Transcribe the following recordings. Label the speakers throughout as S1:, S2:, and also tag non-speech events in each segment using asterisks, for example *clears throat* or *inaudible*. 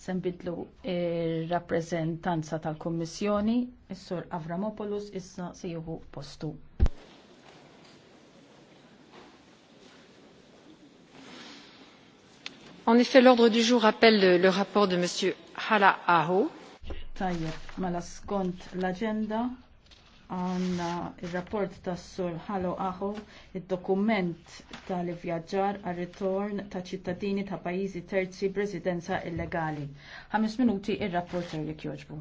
S1: se nbidlu ir-rappreżentanza tal-Kummissjoni, is-Sur Avramopoulos issa se jieħu postu. En effet, l'ordre du jour appelle le rapport de M. Hala Aho. Tajjeb, mela skont l għanna il-rapport tas sur ħalo aħu il-dokument tal-vjaġġar għal ritorn ta' ċittadini ta' pajizi terzi b'residenza illegali. Ħames minuti il-rapporter jek joġbu.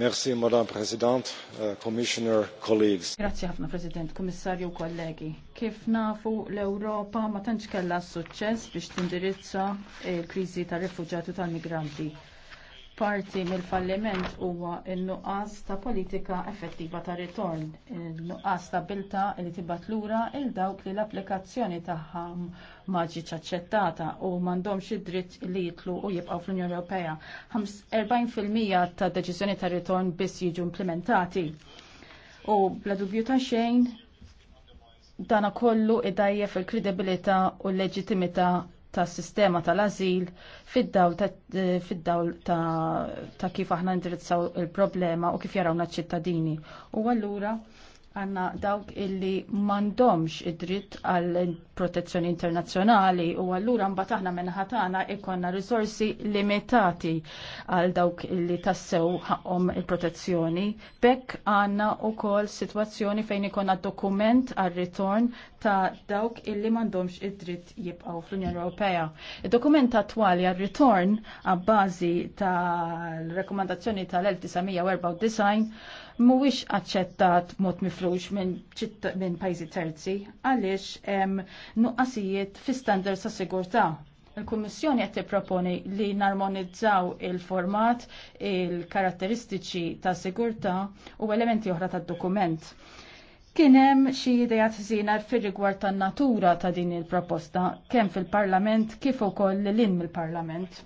S2: Merci, Madam President, uh, Commissioner, colleagues.
S1: Grazie ħafna, President, Kommissarju, kollegi. Kif nafu l-Europa ma tantx kellha suċċess biex tindirizza il-kriżi tar-refuġjati tal-migranti Parti mill-falliment huwa n-nuqqas ta' politika effettiva ta' ritorn, n-nuqqas ta' bilta li tibat lura il dawk li l-applikazzjoni tagħha maġiċ aċċettata u m'għandhomx id-dritt li jitlu u jibqgħu fl-Unjoni Ewropea. 40% ta' deċiżjoni ta' ritorn biss jiġu implementati. U bla dubju ta' xejn dana kollu id-dajje fil kredibilità u l-leġittimità tas sistema tal-azil fid-dawl ta', eh, fid ta, ta kif aħna indirizzaw il-problema u kif jarawna ċittadini. U allura għanna dawk illi mandomx id-dritt għal protezzjoni internazzjonali u għallura mbagħad aħna minħatana ikonna risorsi limitati għal dawk illi tassew ħaqhom il-protezzjoni. Bekk għanna u kol situazzjoni fejn ikonna dokument għal ritorn ta' dawk illi mandomx id-dritt jibqaw fl-Unjoni Ewropea. Id-dokument attwali għal-ritorn għabbażi tal-rekomandazzjoni tal-1994 mhuwiex aċċettat mod miflux minn min pajjiżi terzi għaliex hemm nuqqasijiet fi standards ta' sigurtà. Il-Kummissjoni qed tipproponi li narmonizzaw il-format, il-karatteristiċi ta' sigurtà u elementi oħra tad-dokument. Kienem xi idea żina fir-rigward tan-natura ta' din il-proposta kemm fil-Parlament kif ukoll lil mill-Parlament.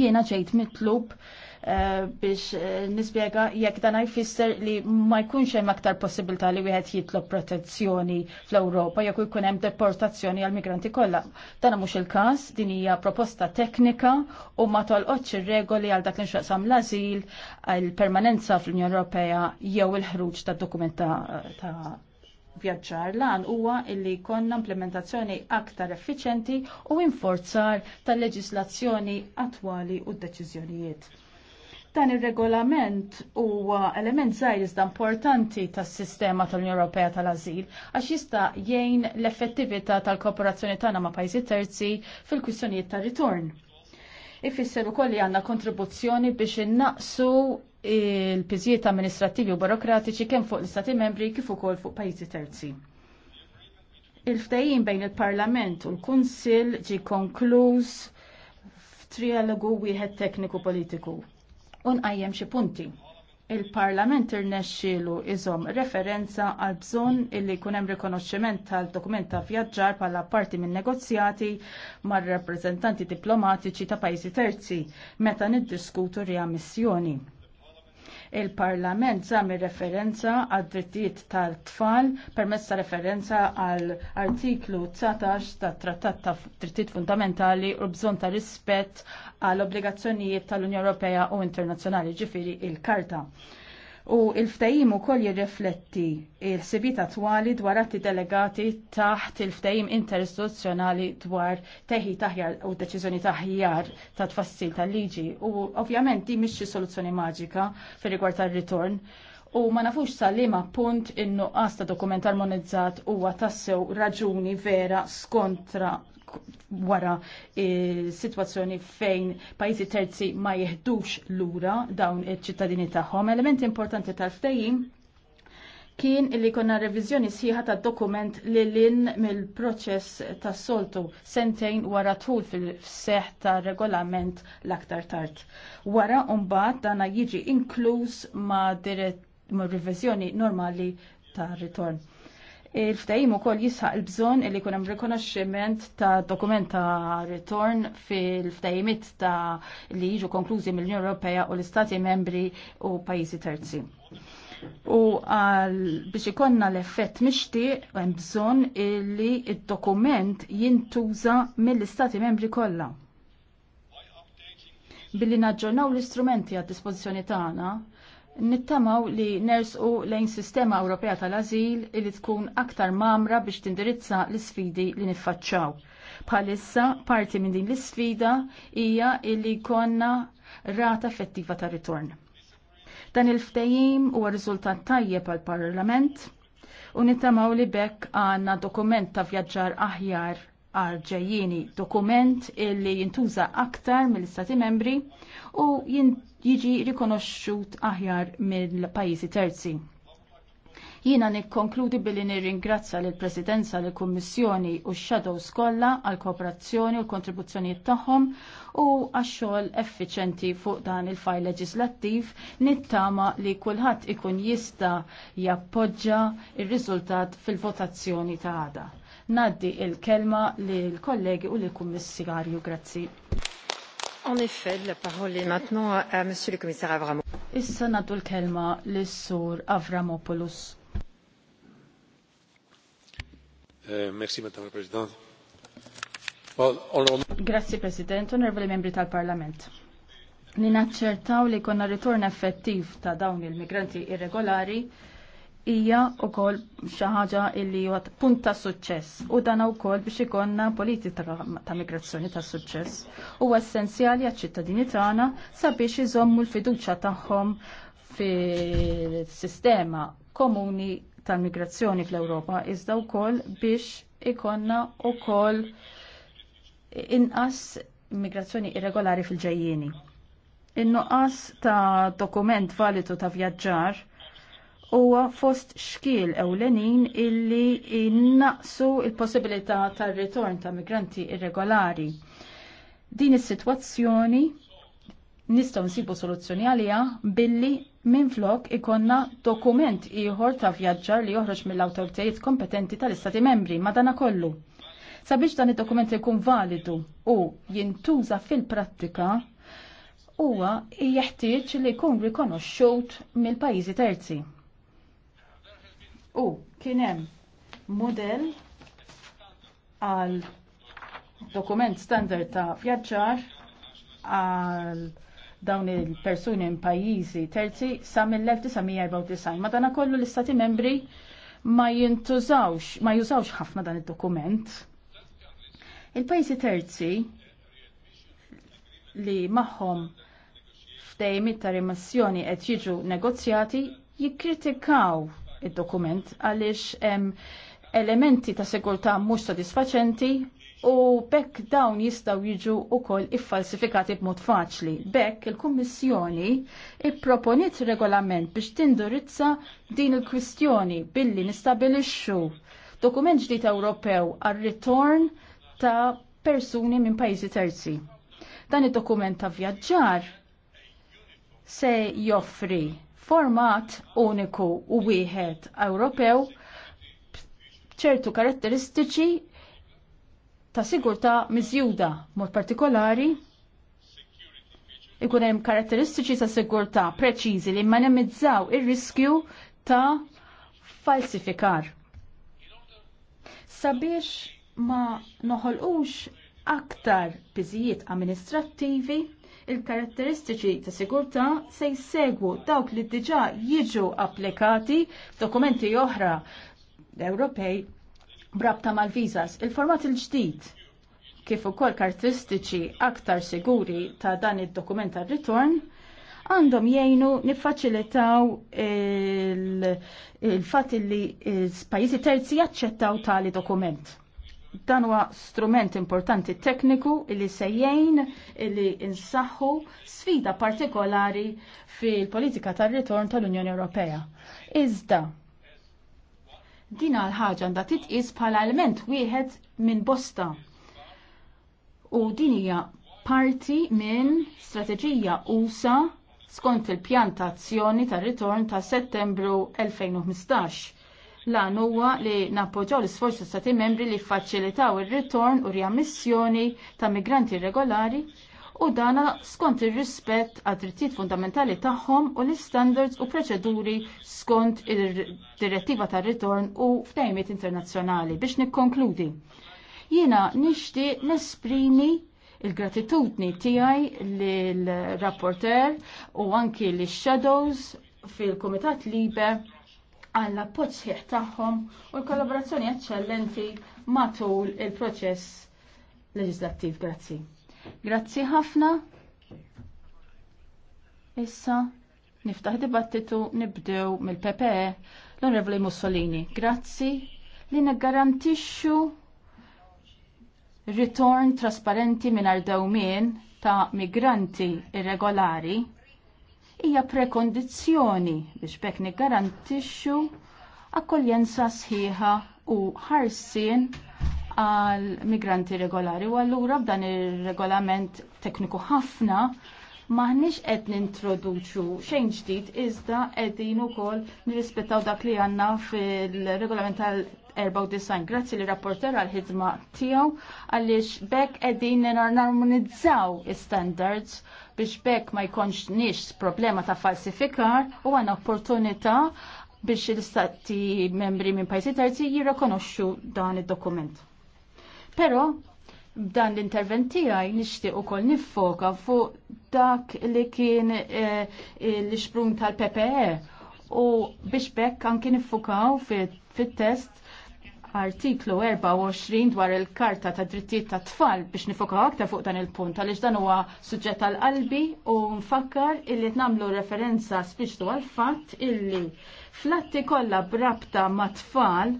S1: Jiena ġejt mitlub Eh, biex eh, nisbjega jekk dan jfisser li ma jkunx hemm aktar possibilità li wieħed jitlob protezzjoni fl-Ewropa jekk ikun hemm deportazzjoni għal migranti kollha. Dan mhux il-każ, din hija proposta teknika u ma tolqotx ir-regoli għal dak li nxaqsam l-ażil, il-permanenza fl-Unjoni Ewropea jew il-ħruġ ta' dokumenta ta' vjaġġar lan huwa illi jkollna implementazzjoni aktar effiċenti u inforzar tal-leġislazzjoni attwali u d-deċiżjonijiet. Dan ir-regolament huwa element zaħir iżda importanti tas-sistema tal-Unjoni Ewropea tal-Ażil għax jista' jgħin l-effettività tal-kooperazzjoni tagħna ma' pajjiżi terzi fil-kwistjonijiet ta' ritorn. Ifisser ukoll li għandna kontribuzzjoni biex innaqsu il-piżijiet amministrattivi u burokratiċi kemm fuq l-Istati membri kif ukoll fuq pajjiżi terzi il-ftajin bejn il-Parlament u l-Kunsil ġi konkluż f'trialogu wieħed tekniku politiku unqajjem xi punti. Il-Parlament irnexxielu iżom referenza għal bżonn illi jkun hemm rikonoxximent tal-dokument ta' vjaġġar bħala parti minn negozjati mar-rappreżentanti diplomatiċi ta' pajjiżi terzi meta niddiskutu riammissjoni. Il-Parlament żammi referenza għad drittijiet tal-tfal permezz ta' referenza għal artiklu 19 tat Trattat ta' Drittijiet Fundamentali u bżonn ta' rispett għal obbligazzjonijiet tal-Unjoni Ewropea u Internazzjonali ġifiri il-Karta u il-ftajim u koll jirrifletti il-sibit attwali dwar atti delegati taħt il-ftajim interistituzzjonali dwar teħi taħjar u deċizjoni taħjar ta' tfassil tal-liġi u ovvjament di mhix soluzzjoni maġika fir rigward tar-ritorn u ma nafux sal-lima punt in-nuqqas ta' dokument armonizzat huwa tassew raġuni vera skontra wara e, situazzjoni fejn pajjiżi terzi ma jeħdux lura dawn iċ-ċittadini tagħhom. Element importanti tal-ftehim kien li konna revizjoni siħa ta' dokument li l-in mill-proċess ta' soltu sentejn wara tul fil-seħ ta' regolament l-aktar tard. Wara umbat dana jiġi inkluż ma' dirett ma' revizjoni normali ta' ritorn. Il-ftajim u koll jisħaq il-bżon il-li kunem rikonoxximent ta' dokumenta return fil-ftajimit ta' li jiġu konklużi mill-Unjoni Ewropea u l-Istati membri u pajjiżi terzi. U għal biex ikonna l-effett mixti, hemm bżonn li il dokument jintuża mill-Istati membri kollha. Billi naġġornaw l-istrumenti għad dispożizzjoni tagħna, Nittamaw li nersqu lejn sistema Ewropea tal-azil li tkun aktar mamra biex tindirizza l-sfidi li niffaċċaw. Bħalissa parti minn din l-sfida hija li konna rata effettiva ta' ritorn. Dan il-ftejim huwa riżultat tajjeb għal parlament u nittamaw li bekk għanna dokument ta' vjaġġar aħjar għal ġejjini dokument illi jintuża aktar mill-Istati membri u jint jiġi rikonoxxut aħjar mill-pajjiżi terzi. Jiena nikkonkludi billi nirringrazzja lill presidenza lill kummissjoni u x-Shadows kollha għal kooperazzjoni u l-kontribuzzjonijiet tagħhom u għax-xogħol effiċenti fuq dan il-fajl leġislattiv nittama li kulħadd ikun jista' jappoġġa ir-riżultat fil-votazzjoni ta' għada. Naddi il-kelma lill kollegi u lill kummissarju grazzi. Issa nadu l-kelma l-Sur Avramopoulos.
S2: Eh, merci, Madame la Présidente. on... Grazie,
S1: President, onorevoli membri tal-Parlament. Li naċċertaw li konna ritorn effettiv ta' dawn il-migranti irregolari hija wkoll xi ħaġa li huwa punt ta' suċċess u dan wkoll biex ikonna politika ta' migrazzjoni ta' suċċess huwa essenzjali għaċ-ċittadini tagħna sabiex iżommu l-fiduċja tagħhom fil-sistema komuni tal-migrazzjoni fl-Ewropa iżda wkoll biex ikonna wkoll inqas migrazzjoni irregolari fil-ġejjieni. In-nuqqas ta' dokument validu ta' vjaġġar huwa fost xkiel ewlenin illi innaqsu il-possibilità tar-ritorn ta' migranti irregolari. Din is-sitwazzjoni nistgħu nsibu soluzzjoni għaliha billi minflok ikonna dokument ieħor ta' vjaġġar li joħroġ mill-awtoritajiet kompetenti tal-Istati membri madanakollu. Sabiex dan id-dokument ikun validu u jintuża fil-prattika huwa jeħtieġ li jkun rikonoxxut mill-pajjiżi terzi. U kienem model għal dokument standard ta' vjaġġar għal dawn il-persuni in pajjiżi terzi sa mill-1994. dana kollu l-istati membri ma jintużawx, ma jużawx ħafna dan il-dokument. Il-pajjiżi terzi li maħħom f'dejmit ta' rimassjoni qed jiġu negozjati jikkritikaw id-dokument għaliex hemm elementi ta' sigurtà mhux sodisfaċenti u bekk dawn jistaw jiġu ukoll iffalsifikati b'mod faċli. Bekk il-Kummissjoni ipproponiet regolament biex tindurizza din il-kwistjoni billi nistabilixxu dokument ġdid Ewropew għar-ritorn ta' persuni minn pajjiżi terzi. Dan id-dokument ta' vjaġġar se joffri format uniku u wieħed Ewropew ċertu karatteristiċi ta' sigurtà miżjuda mod partikolari ikun hemm karatteristiċi ta' sigurtà preċiżi li manemizzaw ir-riskju ta' falsifikar. Sabiex ma noħolqux aktar biżijiet amministrattivi Il-karatteristiċi ta' sigurtà se jsegwu dawk li diġà jiġu applikati f'dokumenti oħra Ewropej brabta mal-vizas. Il-format il-ġdid kif ukoll karatteristiċi aktar siguri ta' dan id-dokument tar-ritorn għandhom jgħinu niffaċilitaw il-fat il li il eh, pajjiżi terzi jaċċettaw tali dokument dan huwa strument importanti tekniku li sejjejn li insaħħu sfida partikolari fil-politika tar-ritorn tal-Unjoni Ewropea. Iżda din għal ħaġa għandha titqis bħala element wieħed minn bosta. U din hija parti minn strateġija USA skont il-pjantazzjoni tar-ritorn ta' Settembru 2015 Lan huwa li nappoġġaw l-isforzi ta' stati membri li faċilitaw ir-ritorn u riammissjoni ta' migranti regolari u dana skont ir-rispett għad drittijiet fundamentali tagħhom u l istandards u proċeduri skont ir-direttiva tar ritorn u f'tejmiet internazzjonali biex nikkonkludi. Jiena nixti nesprimi il-gratitudni tiegħi lill rapporter u anki l-shadows fil-Kumitat Libe għall appoġġ sħiħ tagħhom u l-kollaborazzjoni eċċellenti matul il-proċess leġislattiv. Grazzi. Grazzi ħafna. Issa niftaħ dibattitu nibdew mill-PPE l-Onorevoli Mussolini. Grazzi li neggarantixxu ritorn trasparenti minn dewmien ta' migranti irregolari hija prekondizzjoni biex bekk niggarantixxu akkoljenza sħiħa u ħarsien għal migranti regolari. U allura b'dan ir-regolament tekniku ħafna maħniex qed nintroduċu xejn ġdid iżda qegħdin ukoll nirrispettaw dak li għandna fil-regolament tal 94. Grazzi li rapporter għal-ħidma tiegħu għaliex bekk qegħdin narmonizzaw standards biex bekk ma jkunx nix problema ta' falsifikar u għan opportunità biex l-istati membri minn pajjiżi terzi jirrekonoxxu dan id-dokument. Però b'dan l-intervent tiegħi nixtieq ukoll niffoka fuq dak li kien eh, l isprun tal-PPE u biex bekk anki niffukaw fit-test artiklu 24 dwar il-Karta ta' Drittijiet ta' Tfal biex nifokaw aktar fuq dan il-punt għaliex dan huwa suġġett tal qalbi u nfakkar illi nagħmlu referenza spiċtu għal fatt illi flatti kollha brabta ma' tfal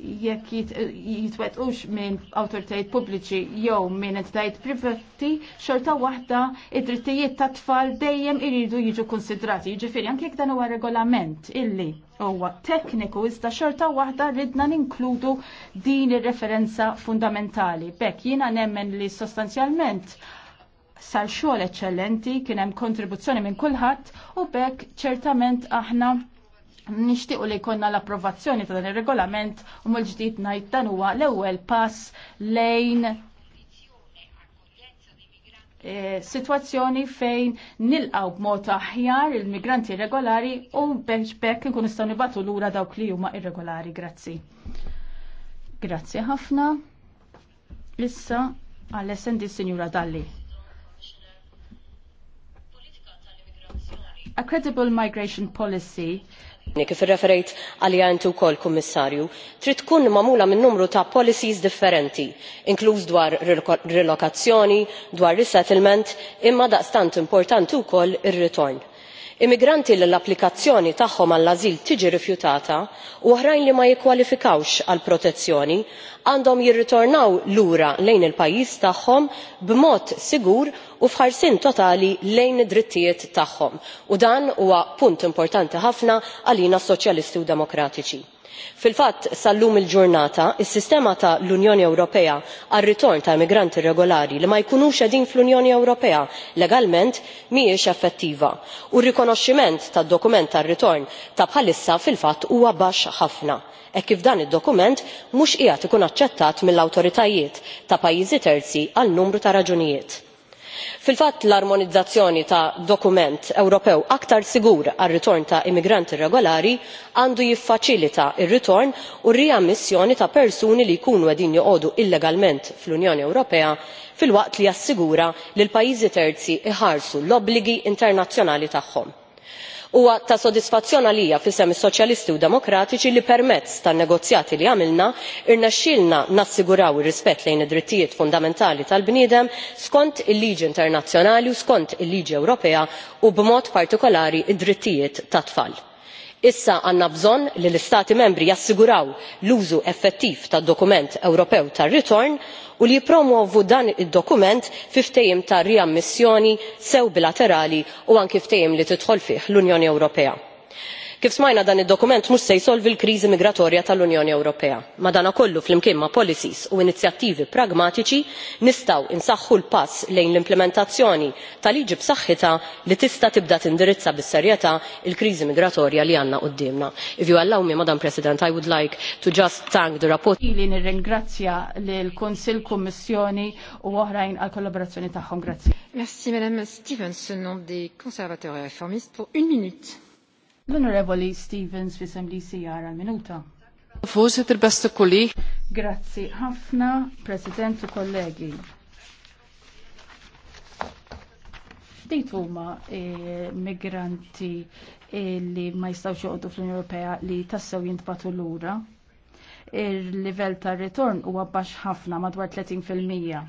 S1: jekk jitwetqux minn awtoritajiet pubbliċi jew minn entitajiet privati, xorta waħda id-drittijiet ta' tfal dejjem iridu jiġu konsidrati. Ġifiri, anke jekk dan huwa regolament illi huwa tekniku iżda xorta waħda ridna ninkludu din ir-referenza fundamentali. Bekk jiena nemmen li sostanzjalment sar xogħol eċċellenti kien hemm kontribuzzjoni minn kulħadd u bekk ċertament aħna nixtiequ li jkollna l-approvazzjoni ta' dan ir-regolament u mill-ġdid ngħid dan huwa l-ewwel pass lejn e, situazzjoni fejn nilqaw b'mod aħjar il-migranti regolari u biex bekk nkun nistgħu nibatu lura dawk li huma irregolari. Grazzi. Grazzi ħafna. Issa għall-essendi Sinjura Dalli. A credible migration policy kif irreferejt għaliha
S3: inti wkoll kummissarju trid tkun magħmula minn numru ta' policies differenti inkluż dwar relokazzjoni dwar resettlement imma daqstant importanti wkoll ir-ritorn. immigranti li l-applikazzjoni tagħhom għall ażil tiġi rifjutata u oħrajn li ma jikkwalifikawx għal protezzjoni għandhom jirritornaw lura lejn il pajjiż tagħhom b'mod sigur u fħarsin totali lejn id-drittijiet tagħhom u dan huwa punt importanti ħafna għalina soċjalisti u demokratiċi. fil fatt sal lum il ġurnata s sistema tal unjoni ewropea għar ritorn ta' migranti regolari li ma jkunux qegħdin fl unjoni ewropea legalment mhijiex effettiva u r-rikonoxximent tad dokument tar ritorn ta' bħalissa fil fatt huwa baxx ħafna E kif dan id dokument mhux qiegħed ikun aċċettat mill awtoritajiet ta' pajjiżi terzi għal numru ta' raġunijiet fil fatt l armonizzazzjoni ta' dokument ewropew aktar sigur għar ritorn ta' immigranti regolari għandu jiffaċilita r ritorn u r riammissjoni ta' persuni li jkunu qegħdin joqogħdu illegalment fl unjoni ewropea filwaqt li jassigura li l pajjiżi terzi jħarsu l obbligi internazzjonali tagħhom huwa ta' sodisfazzjon għalija f'isem is-soċjalisti u demokratiċi li permezz tan-negozjati li għamilna irnexxielna nassiguraw ir-rispett lejn id-drittijiet fundamentali tal bniedem skont il-liġi internazzjonali u skont il-liġi ewropea u b'mod partikolari id drittijiet tat tfal issa għandna bżonn li l istati membri jassiguraw l użu effettiv tad dokument ewropew tar ritorn u li jippromovu dan id dokument fi ftehim ta' riammissjoni sew bilaterali u anki ftehim li tidħol fih l unjoni ewropea kif smajna dan id-dokument mhux se jsolvi l-kriżi migratorja tal-unjoni ewropea Madankollu flimkien ma' policies u inizjattivi pragmatiċi nistgħu insaħħu l-pass lejn l-implementazzjoni ta' liġi b'saħħitha li tista' tibda tindirizza bis-serjetà l kriżi migratorja li għandna quddiemna. If you allow me, Madam
S1: President, I would like to just thank the rapport. Ili nirringrazzja lill-Kunsill Kummissjoni u oħrajn għall kollaborazzjoni tagħhom. Grazzi. Merci Madame nom des conservateurs et réformistes, pour une minute. L-Onorevoli Stevens fi semli sijar għal-minuta. Fużet il-besta kulli. Grazzi ħafna, President u kollegi. Dejt huma eh, migranti eh, li ma jistawx joqgħdu fl-Unjoni Ewropea li tassew jintbatu lura. Il-livell tar-ritorn huwa baxx ħafna madwar 30 fil-mija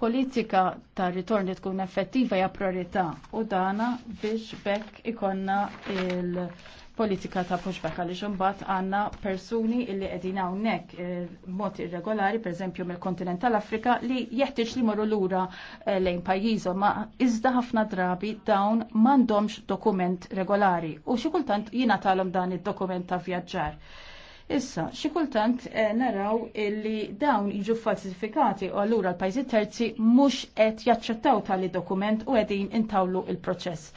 S1: politika ta' ritorn li tkun effettiva hija priorità u dana biex bekk ikonna il-politika ta' pushback għaliex imbagħad għandna persuni li qegħdin hawnhekk eh, mod irregolari, pereżempju mill-kontinent tal-Afrika, li jeħtieġ li morru lura eh, lejn pajjiżhom ma iżda ħafna drabi dawn m'għandhomx dokument regolari u xi kultant talom dan id-dokument ta' vjaġġar. Issa, xi kultant eh, naraw illi dawn jiġu falsifikati u allura l pajzi terzi mhux qed jaċċettaw tali dokument u qegħdin intawlu il-proċess.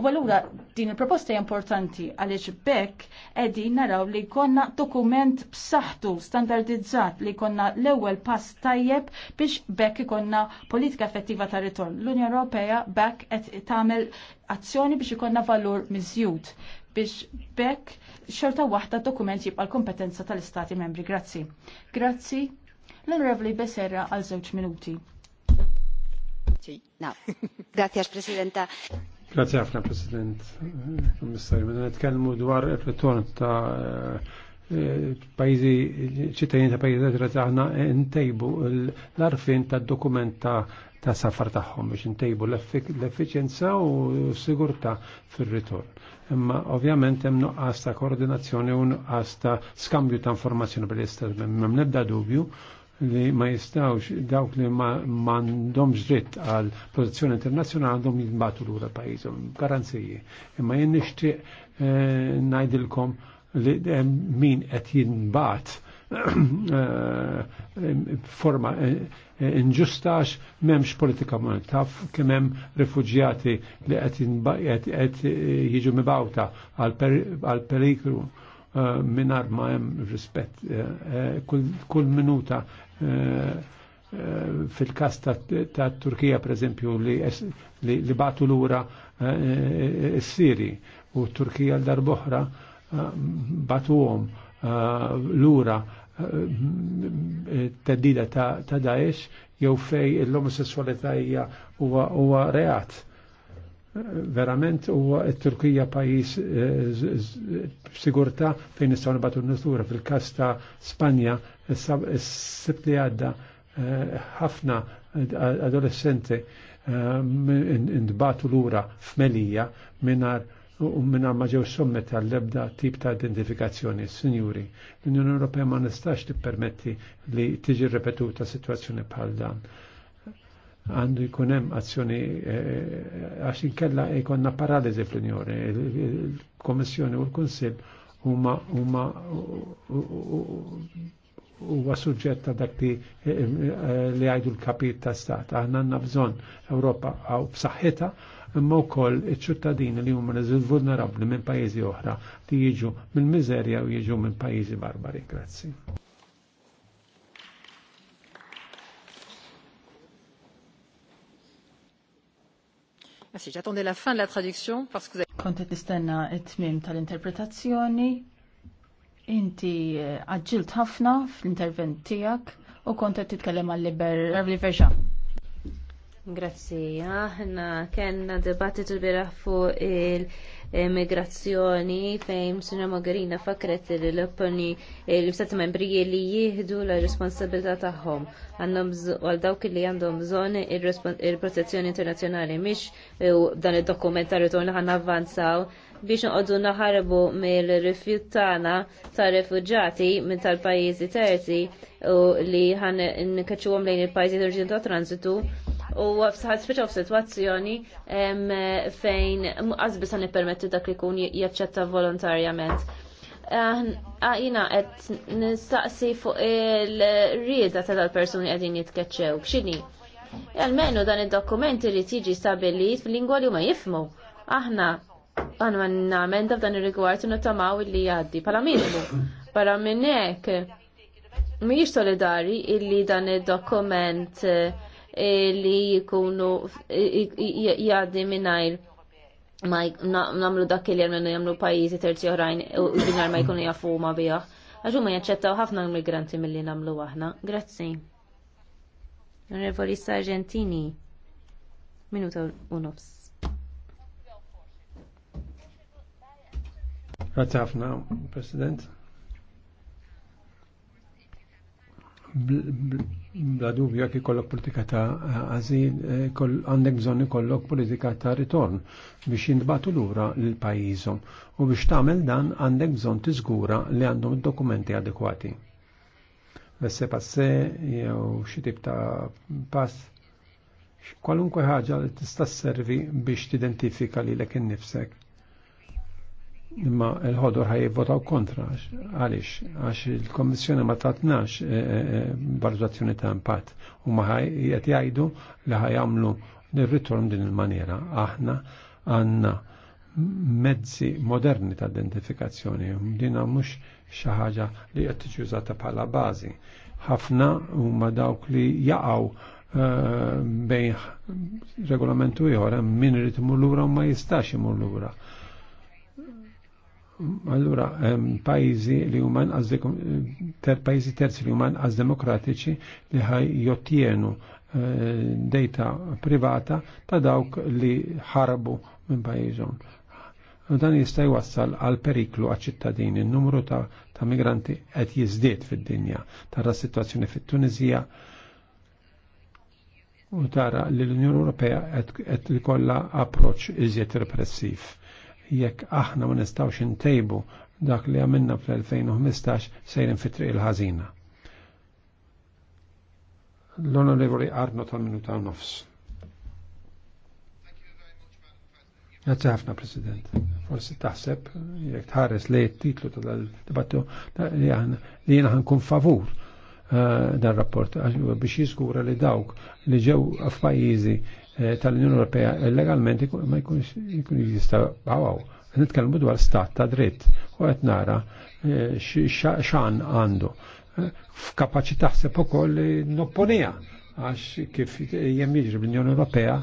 S1: U allura din il-proposta importanti għaliex bekk qegħdin naraw li konna dokument b'saħħtu standardizzat li konna l-ewwel pass tajjeb biex bekk ikonna politika effettiva ta' ritorn. L-Unja Ewropea bekk qed tagħmel azzjoni biex ikonna valur miżjud biex bekk xorta waħda dokument jibqa l-kompetenza tal-Istati membri. Grazzi. Grazzi. L-Onorevoli Becerra għal żewġ minuti. No. Grazie, Presidenta.
S2: Grazie ħafna, President. Eh, Kommissarju, meta nitkellmu dwar il-retorn ta' eh, pajzi ċittajin ta' pajzi ta' aħna eh, ntejbu l-arfin ta' dokumenta ta' safar tagħhom biex intejbu l-effiċjenza u sigurta sigurtà fir-ritorn. Imma ovvjament hemm nuqqas ta' koordinazzjoni u nuqqas ta' skambju ta' informazzjoni bil-istat m'hemm nebda dubju li ma jistawx dawk li m'għandhomx dritt għal protezzjoni internazzjonali għandhom jinbatu lura pajjiżhom garanziji. Imma jien nixtieq eh, ngħidilkom li min qed jinbat Eh, forma eh, inġustax memx politika taf kemm hemm rifuġjati li qed eh, jiġu mibawta għal periklu minar ma hemm rispett kull minuta fil-kas ta' Turkija per eżempju li batu lura s-Siri u Turkija l-darboħra batu għom Eh, lura eh, teddida ta' Daesh jew fej l-omosessualità hija huwa reat. Eh, verament huwa t-Turkija pajjiż sigurtà fejn nistgħu nibatu n-nutura fil-każ ta' Spanja s-sibt li għadda ħafna adolescenti ndbatu lura f'Melija mingħajr u minna maġew sommet tal ebda tip ta' identifikazzjoni, sinjuri. L-Unjoni Ewropea ma nistax tippermetti li tiġi ripetuta situazzjoni bħal dan. Għandu jkun hemm azzjoni eh, għax inkella jkonna paraliżi fl-Unjoni, il komissjoni u l-Kunsill huma huma huwa suġġett ta' dak li eh, għajdu l-kapit ta' stat. Aħna għandna bżonn Ewropa għaw b'saħħitha imma wkoll il ċittadini li huma niżil vulnerabbli minn pajjiżi oħra li jiġu minn mizerja u jiġu minn pajjiżi barbari. Grazzi.
S1: Merci, j'attendais la fin de la traduction parce que vous avez... Kontet it-tmim tal-interpretazzjoni, inti għagġilt eh, ħafna fl-intervent tijak u t titkellem għal-liber,
S4: Grazzi, aħna kellna dibattitu biraħ fuq il-migrazzjoni fejn Sina Mogherina fakret li l-opponi l-istati membri li jieħdu la responsabilità tagħhom. Għal dawk li għandhom bżon il-protezzjoni internazzjonali mhix u dan id dokumentarju ta' ritorn ħan biex nqogħdu naħarbu mill-rifjut tagħna ta' refuġati minn tal-pajjiżi terzi u li ħan nkaċċuhom lejn il-pajjiżi ta' transitu u spiċa u situazzjoni fejn għazbis għan permettu dak li kun jaċċetta volontarjament. Għajna għed nistaqsi fuq il-rieda ta' dal-personi għedin jitkeċċew. Għal-menu dan il-dokument li jiġi stabilit fil li huma jifmu. Aħna għanna namen f'dan il-rigward il li jgħaddi. Pala minnu, pala minnek, miex solidari illi dan il-dokument uh, Eh, li jikunu eh, jgħaddi minnajr ma namlu dak li jgħamlu jgħamlu pajizi terzi oħrajn u dinar ma jkunu jafu ma bijaħ. Għaxu ma jaċċettaw ħafna immigranti mill-li namlu għahna. Grazzi. Onorevoli Sargentini. Minuta unops.
S2: nofs. Grazzi ħafna, President. bla dubju jekk ikollok politika ta' għażil eh, għandek bżonn ikollok politika ta' ritorn biex jintbatu lura lil pajjiżhom u biex tagħmel dan għandek bżonn tiżgura li għandhom id-dokumenti adekwati. Vesse passe jew xi tip ta' pass kwalunkwe ħaġa li tista' servi biex tidentifika lilek innifsek imma l-ħodor ħaj votaw kontra għalix għax il-Kommissjoni ma tatnax e, e, e, valutazzjoni ta' impatt u ma ħajet jgħidu li ħajamlu nir-ritorn din il-maniera aħna għanna mezzi moderni ta' identifikazzjoni dina mhux xi ħaġa li qed tiġi bħala bażi. Ħafna huma dawk li jaqgħu bejn regolamentu ieħor hemm min irid imur lura u ma jistax imur lura. Allura, ehm, pajzi li human ter pajzi terzi li juman għaz demokratiċi li ħaj jottienu eh, data privata ta' dawk li ħarbu minn pajizom. Dan jista' jwassal għal periklu għal ċittadini. N-numru ta', ta migranti qed jiżdied fid-dinja. Tara s-sitwazzjoni fit-Tunizija u tara li l-Unjoni Ewropea qed ikollha approċċ iżjed repressiv jekk aħna ma nistawx intejbu dak li għamilna fl-2015 sejrin fi triq il-ħażina. L-Onorevoli Arno tal-Minuta Nofs. Grazie ħafna, President. Forsi taħseb, jek tħares li titlu tal-dibattu li jena ħankun favur eh, dal rapport biex jiskura li dawk li ġew f'pajjiżi Eh, tal-Unjoni Ewropea eh, legalment ma jkunx jkun jista' għaw. Nitkellmu dwar stat ta' dritt u qed nara eh, x'għan għandu. F'kapaċi taħseb ukoll nopponija għax kif jem jiġri bl-Unjoni Ewropea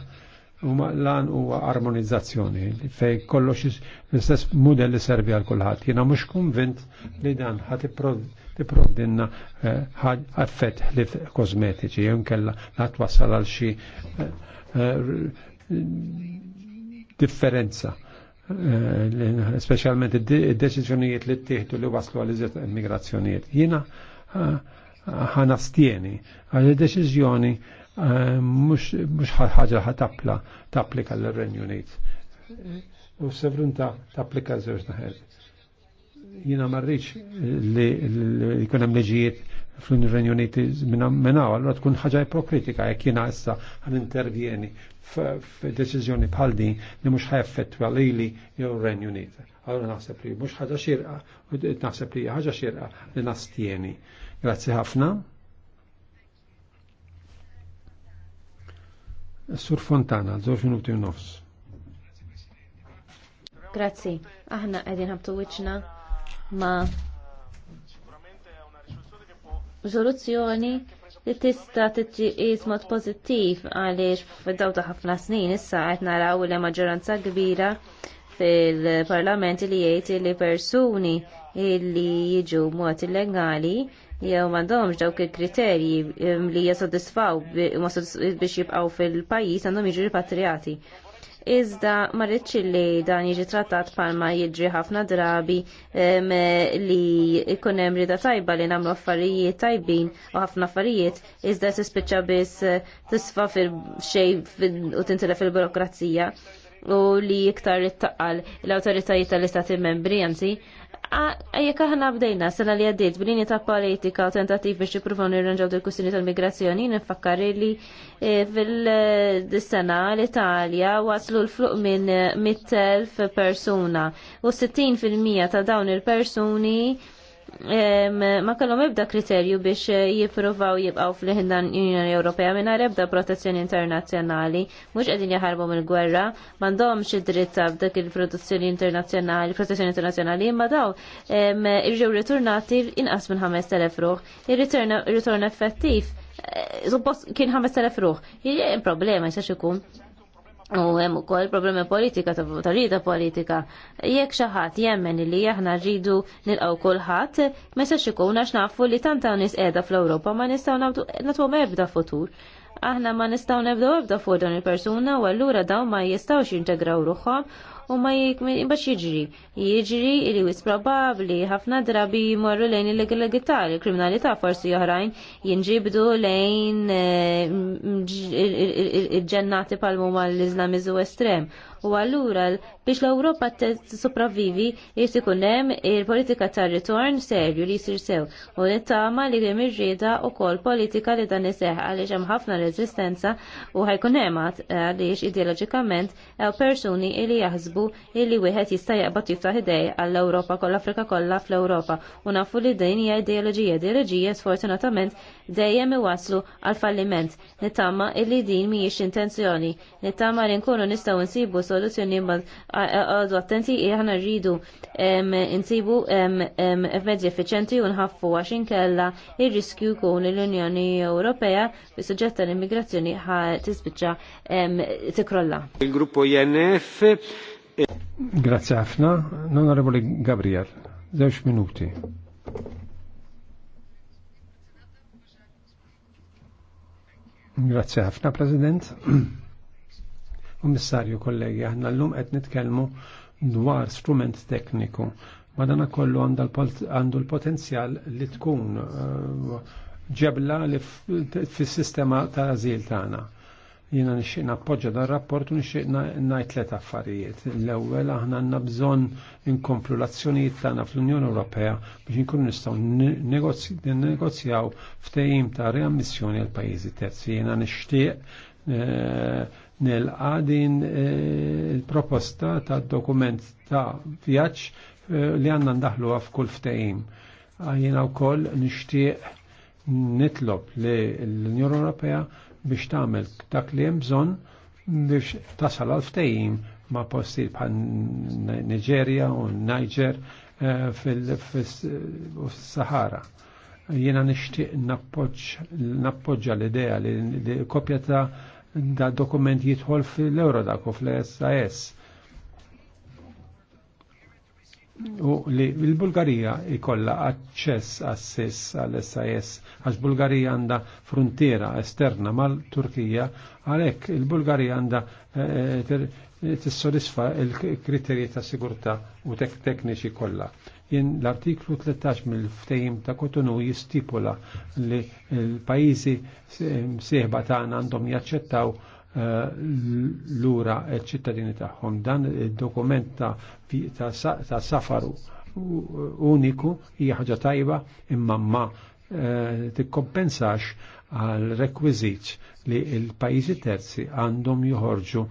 S2: huma lan huwa armonizzazzjoni fej kollox l-istess mudell li servi għal kulħadd. Jiena mhux konvint li dan ħad tipprovdinna effett ħlif kosmetiċi jew kella ħadd wassal għal xie Eh, differenza eh, specialment id-deċizjonijiet li t li waslu għal iżet immigrazzjonijiet. Jina eh, stieni għal deċizjoni mux ħagħa tapla tapplika l-Renju Unit. U sevrunta tapplika l-żewġ naħed. Jina marriċ li jkunem leġijiet fl-Unjoni Uniti minnaw, għallu tkun ħagġa ipokritika jek jina issa għal-intervjeni f'deċiżjoni bħal din li mhux ħajaffettwa lili jew Renju Unit. Għallu naħseb li mux ħagġa xirqa, naħseb li ħagġa xirqa li nastieni. Grazzi ħafna. Sur Fontana, zoġ minuti u nofs.
S4: Grazzi, aħna għedin ħabtu wiċċna ma' soluzzjoni li tista' titqis mod pożittiv għaliex fid-daw ta' ħafna snin issa qed naraw li maġġoranza kbira fil-parlament li jgħid li persuni li jiġu mod illegali jew m'għandhomx dawk il-kriterji li jasodisfaw biex jibqgħu fil-pajjiż għandhom jiġu ripatrijati iżda ma rridx li dan jiġi trattat palma jiġri ħafna drabi li jkun hemm rida tajba li nagħmlu affarijiet tajbin u ħafna affarijiet iżda tispiċċa biss eh, tisfa fil xej u tintela fil-burokrazija u li iktar ittaqal l-awtoritajiet tal-istati membri anzi jekk aħna bdejna sena li għaddiet b'linja ta' politika u tentativ biex jippruvaw nirranġaw il kustini tal-migrazzjoni, nifakkar li e, fil-sena l-Italja waslu l-fluq minn 100.000 persuna u 60% ta' dawn il-persuni ma kellhom ebda kriterju biex eh, jippruvaw jibqgħu fl-ħindan Unjoni Ewropea mingħajr ebda protezzjoni internazzjonali, mhux qegħdin jaħarbu mill-gwerra, m'għandhomx id-dritt ta' dak il-produzzjoni internazzjonali, protezzjoni internazzjonali, imma daw irġew riturnati inqas minn 5000 ruħ. Ir-ritorn effettiv eh, suppost kien 5000 ruħ. Problema jista' ikun. U hemm ukoll problemi politika ta' votarita politika. Jekk xi ħadd jemmen li aħna rridu nilqgħu kulħadd, ma sex ikun għax nafu li tant hawn nies qiegħda fl-Ewropa ma nistgħu nagħtuhom ebda futur. Aħna ma nistgħu nebdew ebda fuq dan il-persuna u allura dawn ma jistgħux jintegraw ruħhom u ma jimbax jiġri. Jiġri li wis probabli ħafna drabi jmorru lejn il-legalità, il-kriminalità forsi oħrajn jinġibdu lejn eh, il-ġennati palmu mal-Islamizmu estrem. U allura biex l-Ewropa sopravvivi jrid ikun hemm il-politika tar ritorn serju li jsir sew u nittama li hemm irrieda wkoll politika li dan iseħħ għaliex hemm ħafna reżistenza u ħajkun hemm eh, għaliex ideoloġikament persuni li jaħsbu li wieħed jista' jaqbad jiftaħ idej għall-Ewropa kollha Afrika kollha fl-Ewropa u nafu li din hija ideoloġija ideoloġija sfortunatament dejjem iwaslu għal falliment. Nittama illi din mhijiex intenzjoni. Nittama li nkunu nistgħu nsibu soluzzjoni għadu attenti iħna rridu nsibu f-medzi effiċenti u nħaffu kella il riskju kun l-Unjoni Ewropea bi l-immigrazjoni immigrazzjoni tispiċċa tikrolla.
S2: Il-gruppo INF Grazie ħafna, Non Gabriel, zewx minuti. Grazie ħafna, President. *clears throat* Kommissarju kollegi, aħna l-lum qed nitkellmu dwar strument tekniku. Madana kollu għandu l-potenzjal li tkun eh, ġebla fis-sistema ta' azil tagħna jina nixxieq nappoġġa dan rapport u nixxieq ngħid tliet affarijiet. L-ewwel aħna għandna bżonn inkomplu l-azzjonijiet tagħna fl-Unjoni Ewropea biex inkunu nistgħu negozjaw ftehim ta' reammissjoni għal pajjiżi terzi. Jiena nixtieq eh, nilqa' din eh, il-proposta ta' dokument ta' vjaġġ eh, li għandna ndaħluha f'kull ftehim. Jiena wkoll nixtieq nitlob li l-Unjoni Ewropea biex tagħmel dak li hemm bżonn biex tasal għal ma' posti bħal Nigeria u Niger eh, fil-Sahara. Jiena nixtieq nappoġġa l-idea li kopja ta' da' dokument jidħol fil-Eurodac u fl-SAS u li l-Bulgarija ikolla aċċess għassis għall-SIS għax Bulgarija għanda frontiera esterna mal-Turkija għalhekk il-Bulgarija għanda eh, eh, eh, tissodisfa il-kriterji ta' sigurta u tekniċi kollha. Jien l-artiklu 13 mill ftejim ta' Kotonu jistipula li l-pajjiżi sieħba tagħna għandhom jaċċettaw Eh, lura ċittadini tagħhom. Dan id-dokument ta' safaru eh, uniku hija ħaġa tajba imma ma eh, tikkompensax għal rekwizit li l-pajjiżi terzi għandhom joħorġu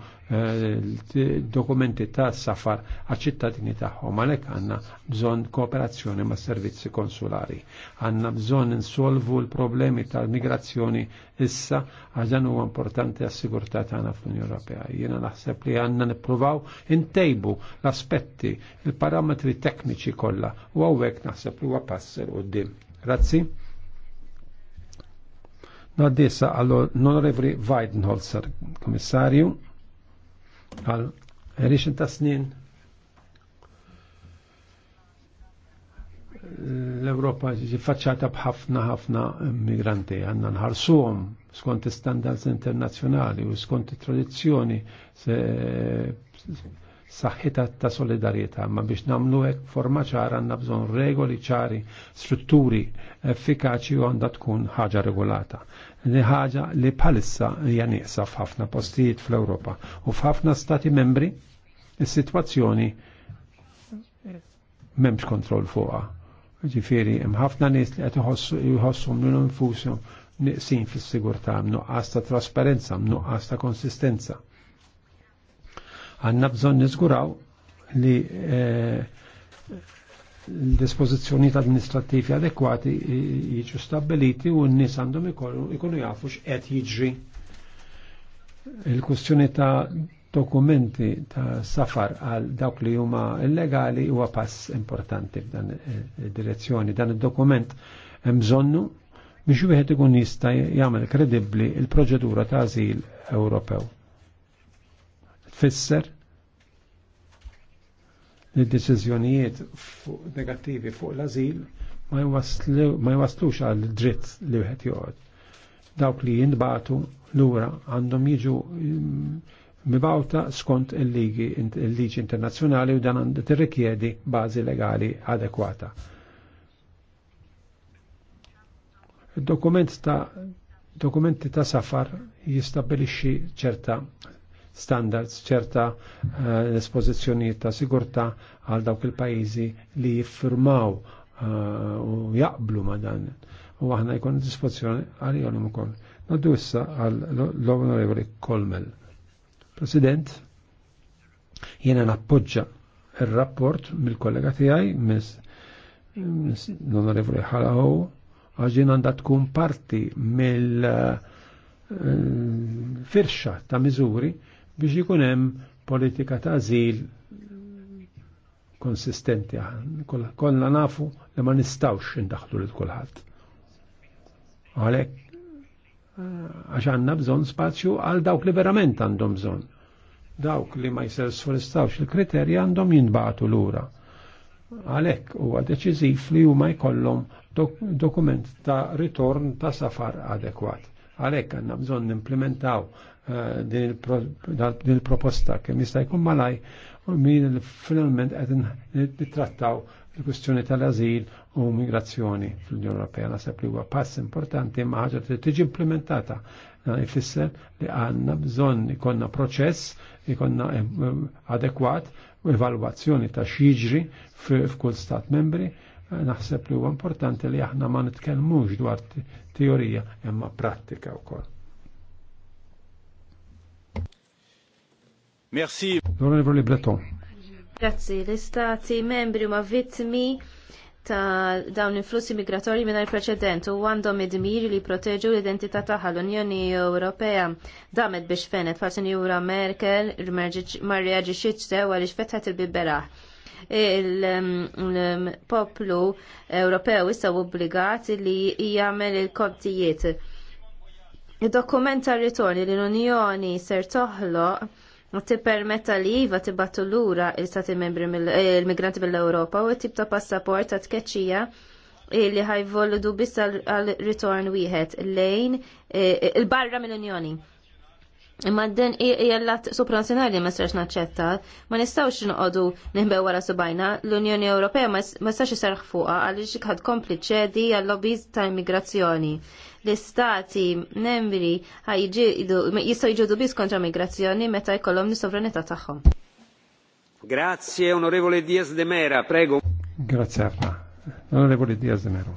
S2: dokumenti ta' safar għal-ċittadini tagħhom għalhekk għandna bżonn kooperazzjoni ma' servizzi konsulari. Għandna bżonn insolvu l-problemi tal-migrazzjoni issa għax dan huwa importanti għas-sigurtà tagħna fl-Unjoni Ewropea. Jiena naħseb li għandna nippruvaw intejbu l-aspetti, il-parametri tekniċi kollha u hawnhekk naħseb li huwa passer quddiem. Grazzi. Naddisa għall-Onorevoli Weidenholzer, komissarju għal erixin ta' snin l-Europa ġifacċata bħafna ħafna immigranti għanna nħarsuhom skont standards internazzjonali u skont tradizzjoni saħħita ta' solidarieta, ma biex namlu hekk forma ċara għandna bżonn regoli ċari, strutturi effikaċi u għandha tkun ħaġa regolata li ħaġa li bħalissa hija nieqsa f'ħafna postijiet fl-Ewropa u f'ħafna stati membri is-sitwazzjoni m'hemmx kontroll fuqha. Ġifieri hemm ħafna nies li qed jħossu minn infushom niqsin fis-sigurtà, mnuqqas ta' trasparenza, mnuqqas ta' konsistenza. Għanna bżon niżguraw li eh, l-dispozizjoniet administrativi adekwati jiġu stabiliti u n-nis għandhom ikunu jafu x'qed jiġri. Il-kustjoni ta' dokumenti ta' safar għal dawk li huma illegali huwa pass importanti f'dan id-direzzjoni. Dan id-dokument hemm bżonnu biex wieħed ikun jista' jagħmel kredibbli l-proċedura ta' ażil Ewropew. Tfisser l deċiżjonijiet negattivi fuq l-azil ma jwaslux għal dritt li wieħed joqgħod. Dawk li jintbagħtu lura għandhom jiġu mm, mibawta skont il-liġi internazzjonali u dan għandu tirrikjedi bażi legali adekwata. Dokument ta' dokumenti ta' safar jistabilixxi ċerta standards ċerta eh, espożizzjonijiet ta' sigurtà għal dawk il-pajjiżi li jiffirmaw eh, u jaqblu ma' dan. U aħna jkun dispozzjoni għalihom ukoll. Naddu issa għal l-Onorevoli Kolmel. President, jiena nappoġġa il-rapport mill-kollega tiegħi miss l-Onorevoli Ħalaħu għaxin għanda tkun parti mill eh, firxa ta' miżuri biex ikun hemm politika ta' azil konsistenti kollha nafu li ma nistawx indaħlu lil kulħadd. Għalhekk eh, għax għandna bżonn spazju għal dawk li verament għandhom bżonn. Dawk li ma jissolistawx il-kriterja għandhom l lura. Għalhekk huwa deċiżiv li huma jkollhom dokument ta' ritorn ta' safar adekwat għalek għanna bżon n-implementaw eh, din il-proposta kem jistajkun malaj u min finalment għedin nittrattaw il kustjoni tal-azil u migrazzjoni fl-Unjoni Ewropea Nasab li huwa pass importanti imma ħaġa li tiġi implementata jfisser li għandna bżonn ikonna proċess, ikonna eh, adekwat u evalwazzjoni ta' xieġri f'kull stat membri naħseb li huwa importanti li aħna ma nitkellmux dwar teorija imma prattika wkoll. Merci. l Breton.
S4: Grazzi, l-istati membri ma vittmi ta' dawn il-flussi migratorji minn preċedent u għandhom id dmir li proteġu l-identità tagħha l-Unjoni Ewropea. Damet biex fenet fa' Sinjura Merkel ma reaġixxitx sew għaliex fetħet il-bibberaħ il-poplu Ewropew issa obbligat li jagħmel il-kontijiet. id dokumenta ritorni li l-Unjoni ser toħloq tippermetta li iva tibattu lura il-stati membri il-migranti mill-Ewropa u tip ta' passaport ta' tkeċċija li ħajvoludu biss għal ritorn wieħed lejn eh, il-barra mill-Unjoni. Imma din jellat supranazjonali ma sarx naċċetta, ma nistawx nqodu nihbew wara subajna, l-Unjoni Ewropea ma sarx isarħ fuqha għaliex ħad kompli ċedi għal lobbies ta' immigrazzjoni. L-istati membri jistgħu jġidu biss kontra migrazzjoni meta jkollhom is-sovranità tagħhom.
S2: Grazie, onorevole Diaz de Mera, prego. Grazie, Arna. Onorevole Diaz de Mera.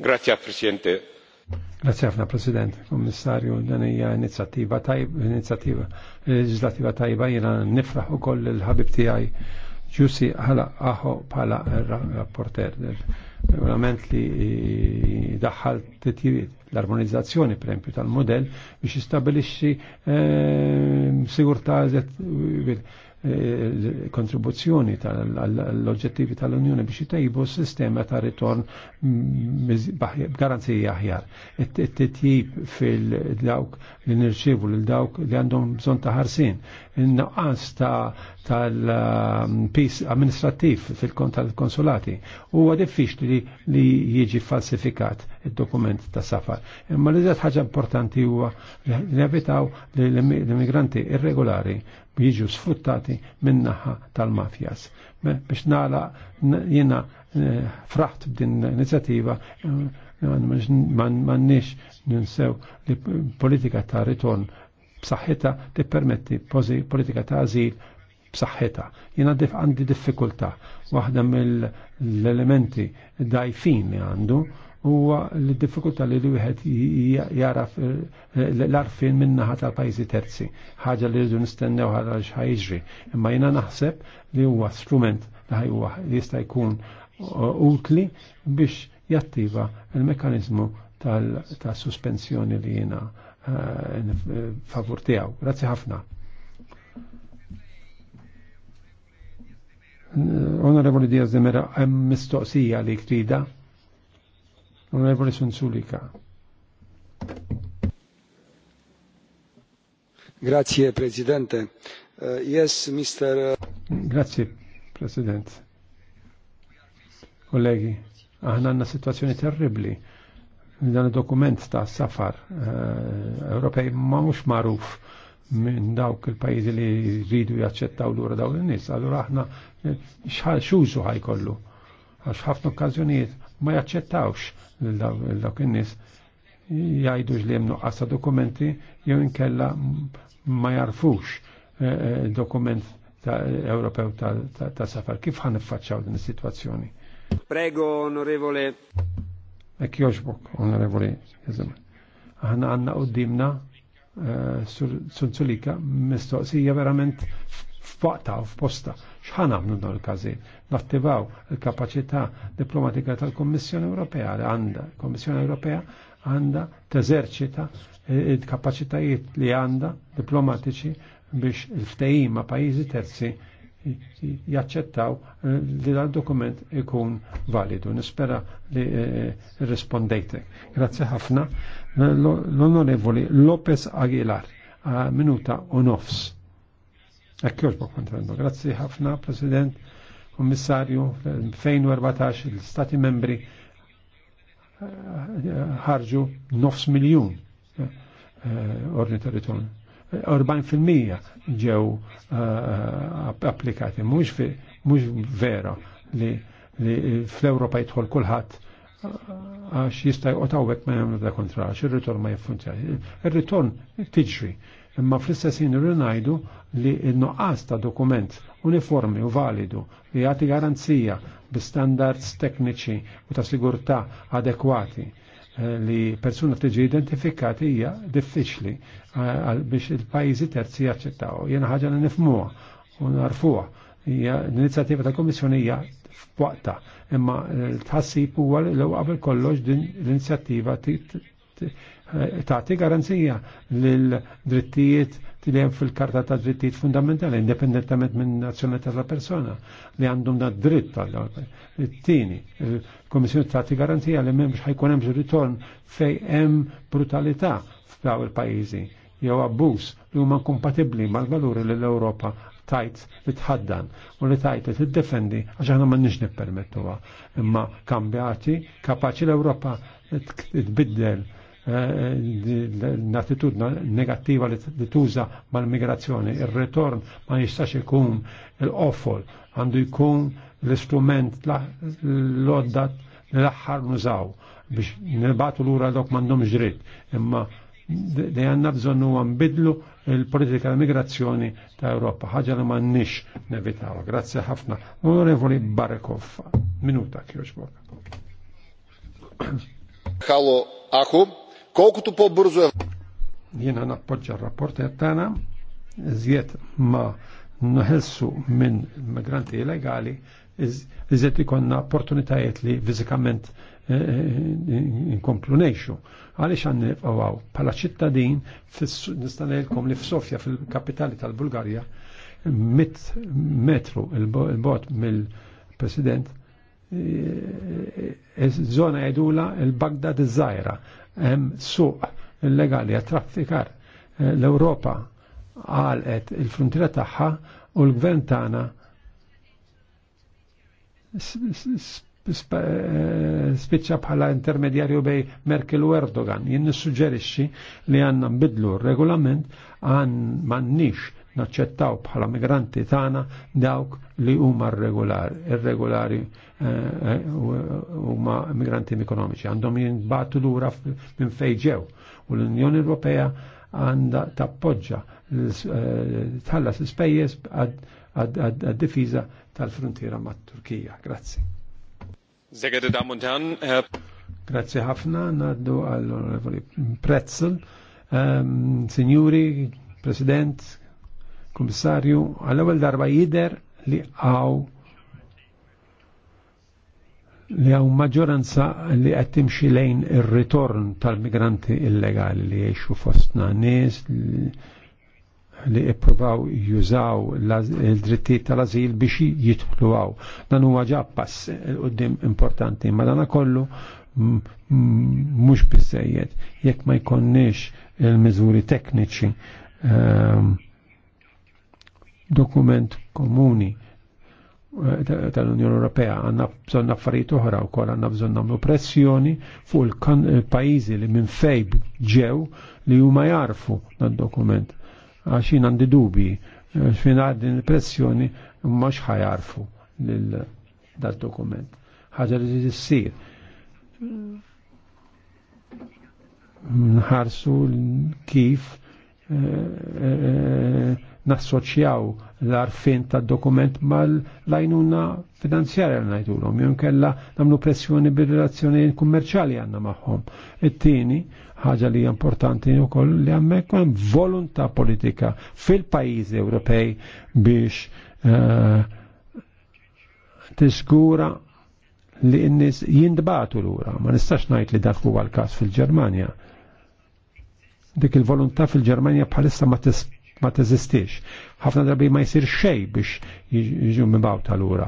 S2: Grazie, Presidente Grazie għafna, President, Kommissarju, dan hija inizjattiva tajb, inizjattiva legislativa tajba jena nifraħ ukoll il-ħabib tijaj ġusi ħala aħo bħala rapporter. Regolament li daħħal l-armonizzazzjoni esempio, tal-modell biex jistabilixxi ehm, sigurtà kontribuzzjoni tal-oġġettivi tal-Unjoni biex jtejbu s-sistema ta' ritorn garanzija aħjar. It-titjib fil-dawk li nirċivu l dawk li għandhom bżon ta' ħarsin. Il-naqqas tal-pis amministrativ fil-kont tal-konsulati huwa diffiċli li jiġi falsifikat il-dokument ta' safar. Imma li ħaġa importanti huwa li nevitaw l-immigranti irregolari jiġu sfruttati minnaħa tal-mafjas. Biex nala jina eh, fraħt b'din l eh, man nix ninsew li politika ta' ritorn b'saħħita tippermetti politika ta' azil Jina Jiena għandi diffikultà waħda mill-elementi dajfin li għandu huwa l-diffikultà li wieħed jaraf eh, l-arfin naħa tal-pajjiżi terzi, ħaġa li rridu nistennew għal li ħajġri. Imma jiena naħseb li huwa strument li jista' jkun eh, utli biex jattiva il mekkanizmu tal-suspensjoni li jiena eh, favur tiegħu. Grazzi ħafna. Onorevoli Diaz de Mera, mistoqsija li trida. Onorevole Sonsulica. Grazie Presidente. Uh, yes, Mr. Eh, Grazie Presidente. Kollegi, aħna għanna situazzjoni terribli. Dan dokument ta' safar uh, Ewropej ma' mux maruf minn dawk il-pajizi li jridu jaċċettaw lura dawn in-nies. Allura aħna xħal x'użu ħajkollu. Għax ħafna okkażjonijiet ma jaċċettawx l-dawk in-nies jgħidu li hemm nuqqas dokumenti jew inkella ma jarfux eh, eh, dokument ta' Ewropew ta' safar. Kif ħan iffaċċaw din is-sitwazzjoni? Prego, onorevole. Ek joġbok, onorevole. Aħna għanna qoddimna eh, Sunzulika mistoqsija verament f'waqta u f'posta X'ħan għamlu dawn il-każijiet? Nattivaw il-kapaċità diplomatika tal-Kommissjoni Ewropea li għandha. Kommissjoni Ewropea għandha teżerċita il-kapaċitajiet li għandha diplomatiċi biex il-ftehim ma' pajjiżi terzi jaċċettaw li dal-dokument ikun validu. Nispera li eh, rispondejtek. Grazie ħafna. L-onorevoli Lopez Aguilar, minuta u nofs. Ekkjoġ bok kontrendo. Grazzi ħafna, President, Kommissarju, 2014 il-Stati membri eh, ħarġu nofs miljon eh, ordni territorju. 40% ġew eh, applikati, Mux vera li fl europa jitħol kullħat għax jista' jqgħod hawnhekk ma jgħamlu da kontra xir ritorn ma jiffunzjani. Ir-ritorn tiġri imma fl-istessin ngħidu li n-noqqas ta' dokument uniformi u validu li jagħti garanzija bi standards tekniċi u ta' sigurtà adekwati eh, li persuna tiġi identifikati hija diffiċli eh, biex il-pajjiżi terzi jaċċettaw. Jiena ħaġa li nifmuha u narfuha. L-inizjattiva ta' Kommissjoni hija f'waqta, imma l-tħassib huwa l qabel kollox din l-inizjattiva Eh, tagħti garanzija l drittijiet li hemm fil-Karta ta' Drittijiet Fundamentali indipendentament minn nazzjonalità tal persona li għandhom da' dritt tal Tieni, il-Kommissjoni tagħti garanzija li m'hemmx ħajkun hemm ritorn fejn hemm brutalità f'daw il-pajjiżi jew abbuż li huma kompatibbli mal-valuri li l-Ewropa tajt li tħaddan u li tajt li tiddefendi għax aħna ma nix nippermettuha. Imma kambjati kapaċi l-Ewropa tbiddel l-attitudna negattiva li tuża mal-migrazzjoni. Il-retorn ma jistax ikun l-offol, għandu jkun l-istrument l oddat l-axħar nużaw biex nibatu l-ura dok mandom ġrit. Imma li għanna bżonnu għambidlu il-politika l migrazzjoni ta' Europa. ħagġa li mannix nevitaw. Grazie ħafna. Onorevoli Barekov. Minuta, kjoġbok. Kalo, aku, Kolku po-burżu. Jena nappoġġa r-rapporter tagħna iżjed ma nħelsu minn migranti illegali, iżjed ikonna opportunitajiet li fizikament eh, eh, eh, inkomplu nejxu. Għalix għan nifqawaw, pala ċittadin, nistanajlkom li f-Sofja fil-kapitali tal-Bulgarja, mit metru il-bot mill-president, zona jedula il-Bagdad iż hemm suq illegali għat-traffikar. Eh, l europa għalqet il-frontiera tagħha u l-gvern tagħna eh, spiċċa bħala intermedjarju bej Merkel u Erdogan. Jien nissuġġerixxi li għandna nbidlu r-regolament għan m'għandniex naċċettaw bħala migranti tagħna dawk li huma regolari, irregolari eh, eh, huma migranti ekonomiċi. Għandhom jinbatu lura minn fejġew u l-Unjoni Ewropea għandha tappoġġa eh, tħallas l-ispejjeż għad-difiża tal-frontiera mat-Turkija. Grazzi. Sehr geehrte Grazzi ħafna, naddu għall-Onorevoli Pretzel. Um, signori, President, Komissarju, għall-ewwel darba jider li għaw li għaw maġġoranza li qed timxi lejn ir-ritorn tal-migranti illegali li jgħixu fostna nies li ippruvaw jużaw il-drittijiet tal-azil biex jitħlu għaw. Dan huwa ġa pass qudiem importanti, ma dan kollu mhux biżejjed jekk ma jkonniex il-miżuri tekniċi ehm, dokument komuni eh, tal-Unjoni Ewropea għanna bżon affarijiet oħra u kol għanna bżon namlu pressjoni fuq il-pajizi eh, li minn fejb ġew li huma jarfu dan dokument. Għaxin għandi dubi, xfin eh, din il-pressjoni mhux ħajarfu dal dokument. ħaġa li jissir. Nħarsu kif nassoċjaw l-arfin ta' dokument mal-lajnuna finanzjarja najdulom, jom kella namlu pressjoni bil-relazzjoni kummerċali għanna maħħom. It-tini, ħaġa li importanti u koll li għammek hemm volontà politika fil-pajizi Ewropej biex uh, eh, tiskura li n-nis jindbatu l-ura. Ma nistax najt li dak huwa l-kas fil ġermanja dik il-volontà fil-Germania bħalissa ma, tis, ma teżistix. Ħafna drabi ma jsir xej biex jiġu mibaw tal-ura.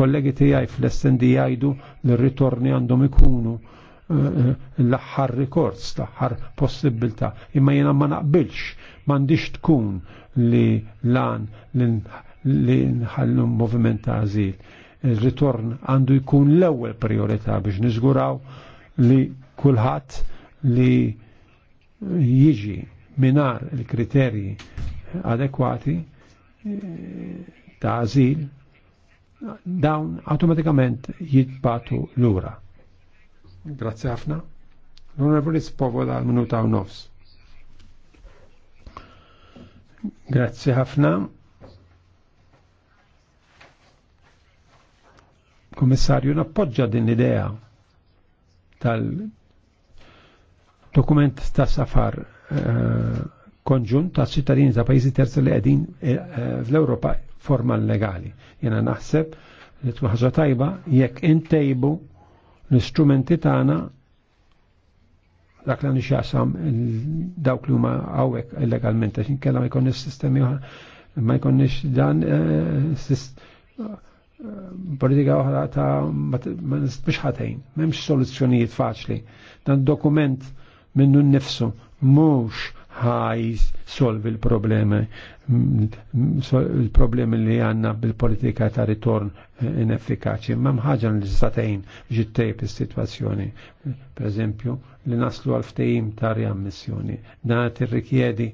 S2: Kollegi tijaj fl-SND jajdu l-ritorni għandhom ikunu eh, eh, l-axħar rikords l-axħar possibilta. Imma jena ma naqbilx, mandiċ tkun li lan li nħallu moviment ta' azil. Il-ritorn għandu jkun l-ewwel priorita biex niżguraw li kulħadd li jiġi minar il-kriterji adekwati eh, ta' azil dawn automatikament jitbatu l-ura. Grazie ħafna. L-Onorevoli Spovola minuta u nofs. Grazie ħafna. Kommissarju, nappoġġa din l-idea tal-dokument ta' safar Eh, konġunt ta' ċittadini ta' pajjiżi terzi li qegħdin eh, eh, fl-Ewropa formal legali. Jena naħseb li tkun ħaġa tajba jekk intejbu l-istrumenti tagħna dak li jaqsam dawk li huma hawnhekk illegalment għax inkella ma jkunx sistemi ma jkunx dan politika oħra ta' ma nistbix ħatejn, m'hemmx soluzzjonijiet faċli. Dan dokument minnu nnifsu mhux ħajs solvi l-problemi il-problemi li għanna bil-politika ta' ritorn eh, ineffikaċi. Mem ħagġan li statejn ġittej il-situazzjoni. Per eżempju, li naslu għal-ftejim ta' riammissjoni. Dan tirrikjedi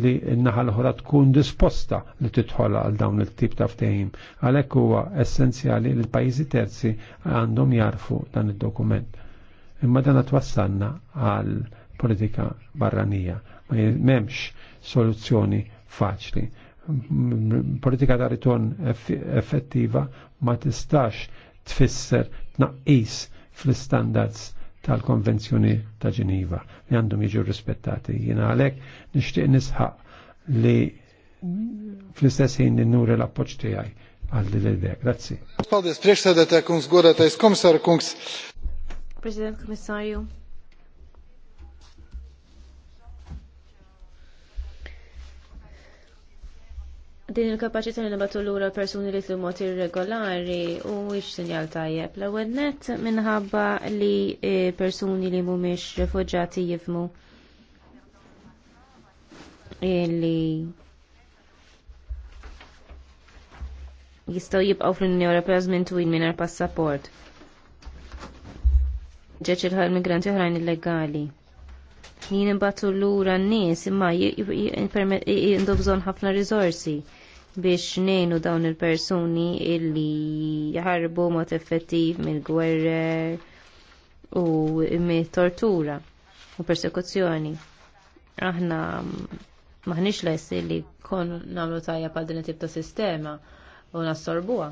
S2: li n-naħa l-ħora tkun disposta li titħol għal dawn il-tip ta' ftehim. Għalhekk huwa essenzjali li l-pajjiżi terzi għandhom jarfu dan id-dokument. Imma dan twassanna għal politika barranija. Ma memx soluzzjoni faċli. Politika ta' ritorn effettiva ma tistax tfisser tnaqqis fl-standards tal-konvenzjoni ta' Ġeniva li għandhom jiġu rispettati. Jiena għalhekk nixtieq nisħaq li fl-istess ħin nuri l-appoġġ tiegħi għal l Grazzi. Paldies kungs.
S4: President Commissario. Din il-kapacità li nabatu lura persuni li t-lumot irregolari u ix sinjal tajjeb. L-ewwel net minħabba li eh, persuni li mhumiex refugġati jifmu li jistgħu jibqgħu fl-Unjoni Ewropea żmien twil mingħajr passaport ġeċ il migranti oħrajn illegali. Jien l lura n-nies imma jindu bżonn ħafna rizorsi biex ngħinu dawn il-persuni illi jħarbu mod effettiv mill-gwerrer u mill-tortura u persekuzzjoni. Aħna maħniex less li kon nagħmlu tajja bħal din tip ta' sistema u nassorbuha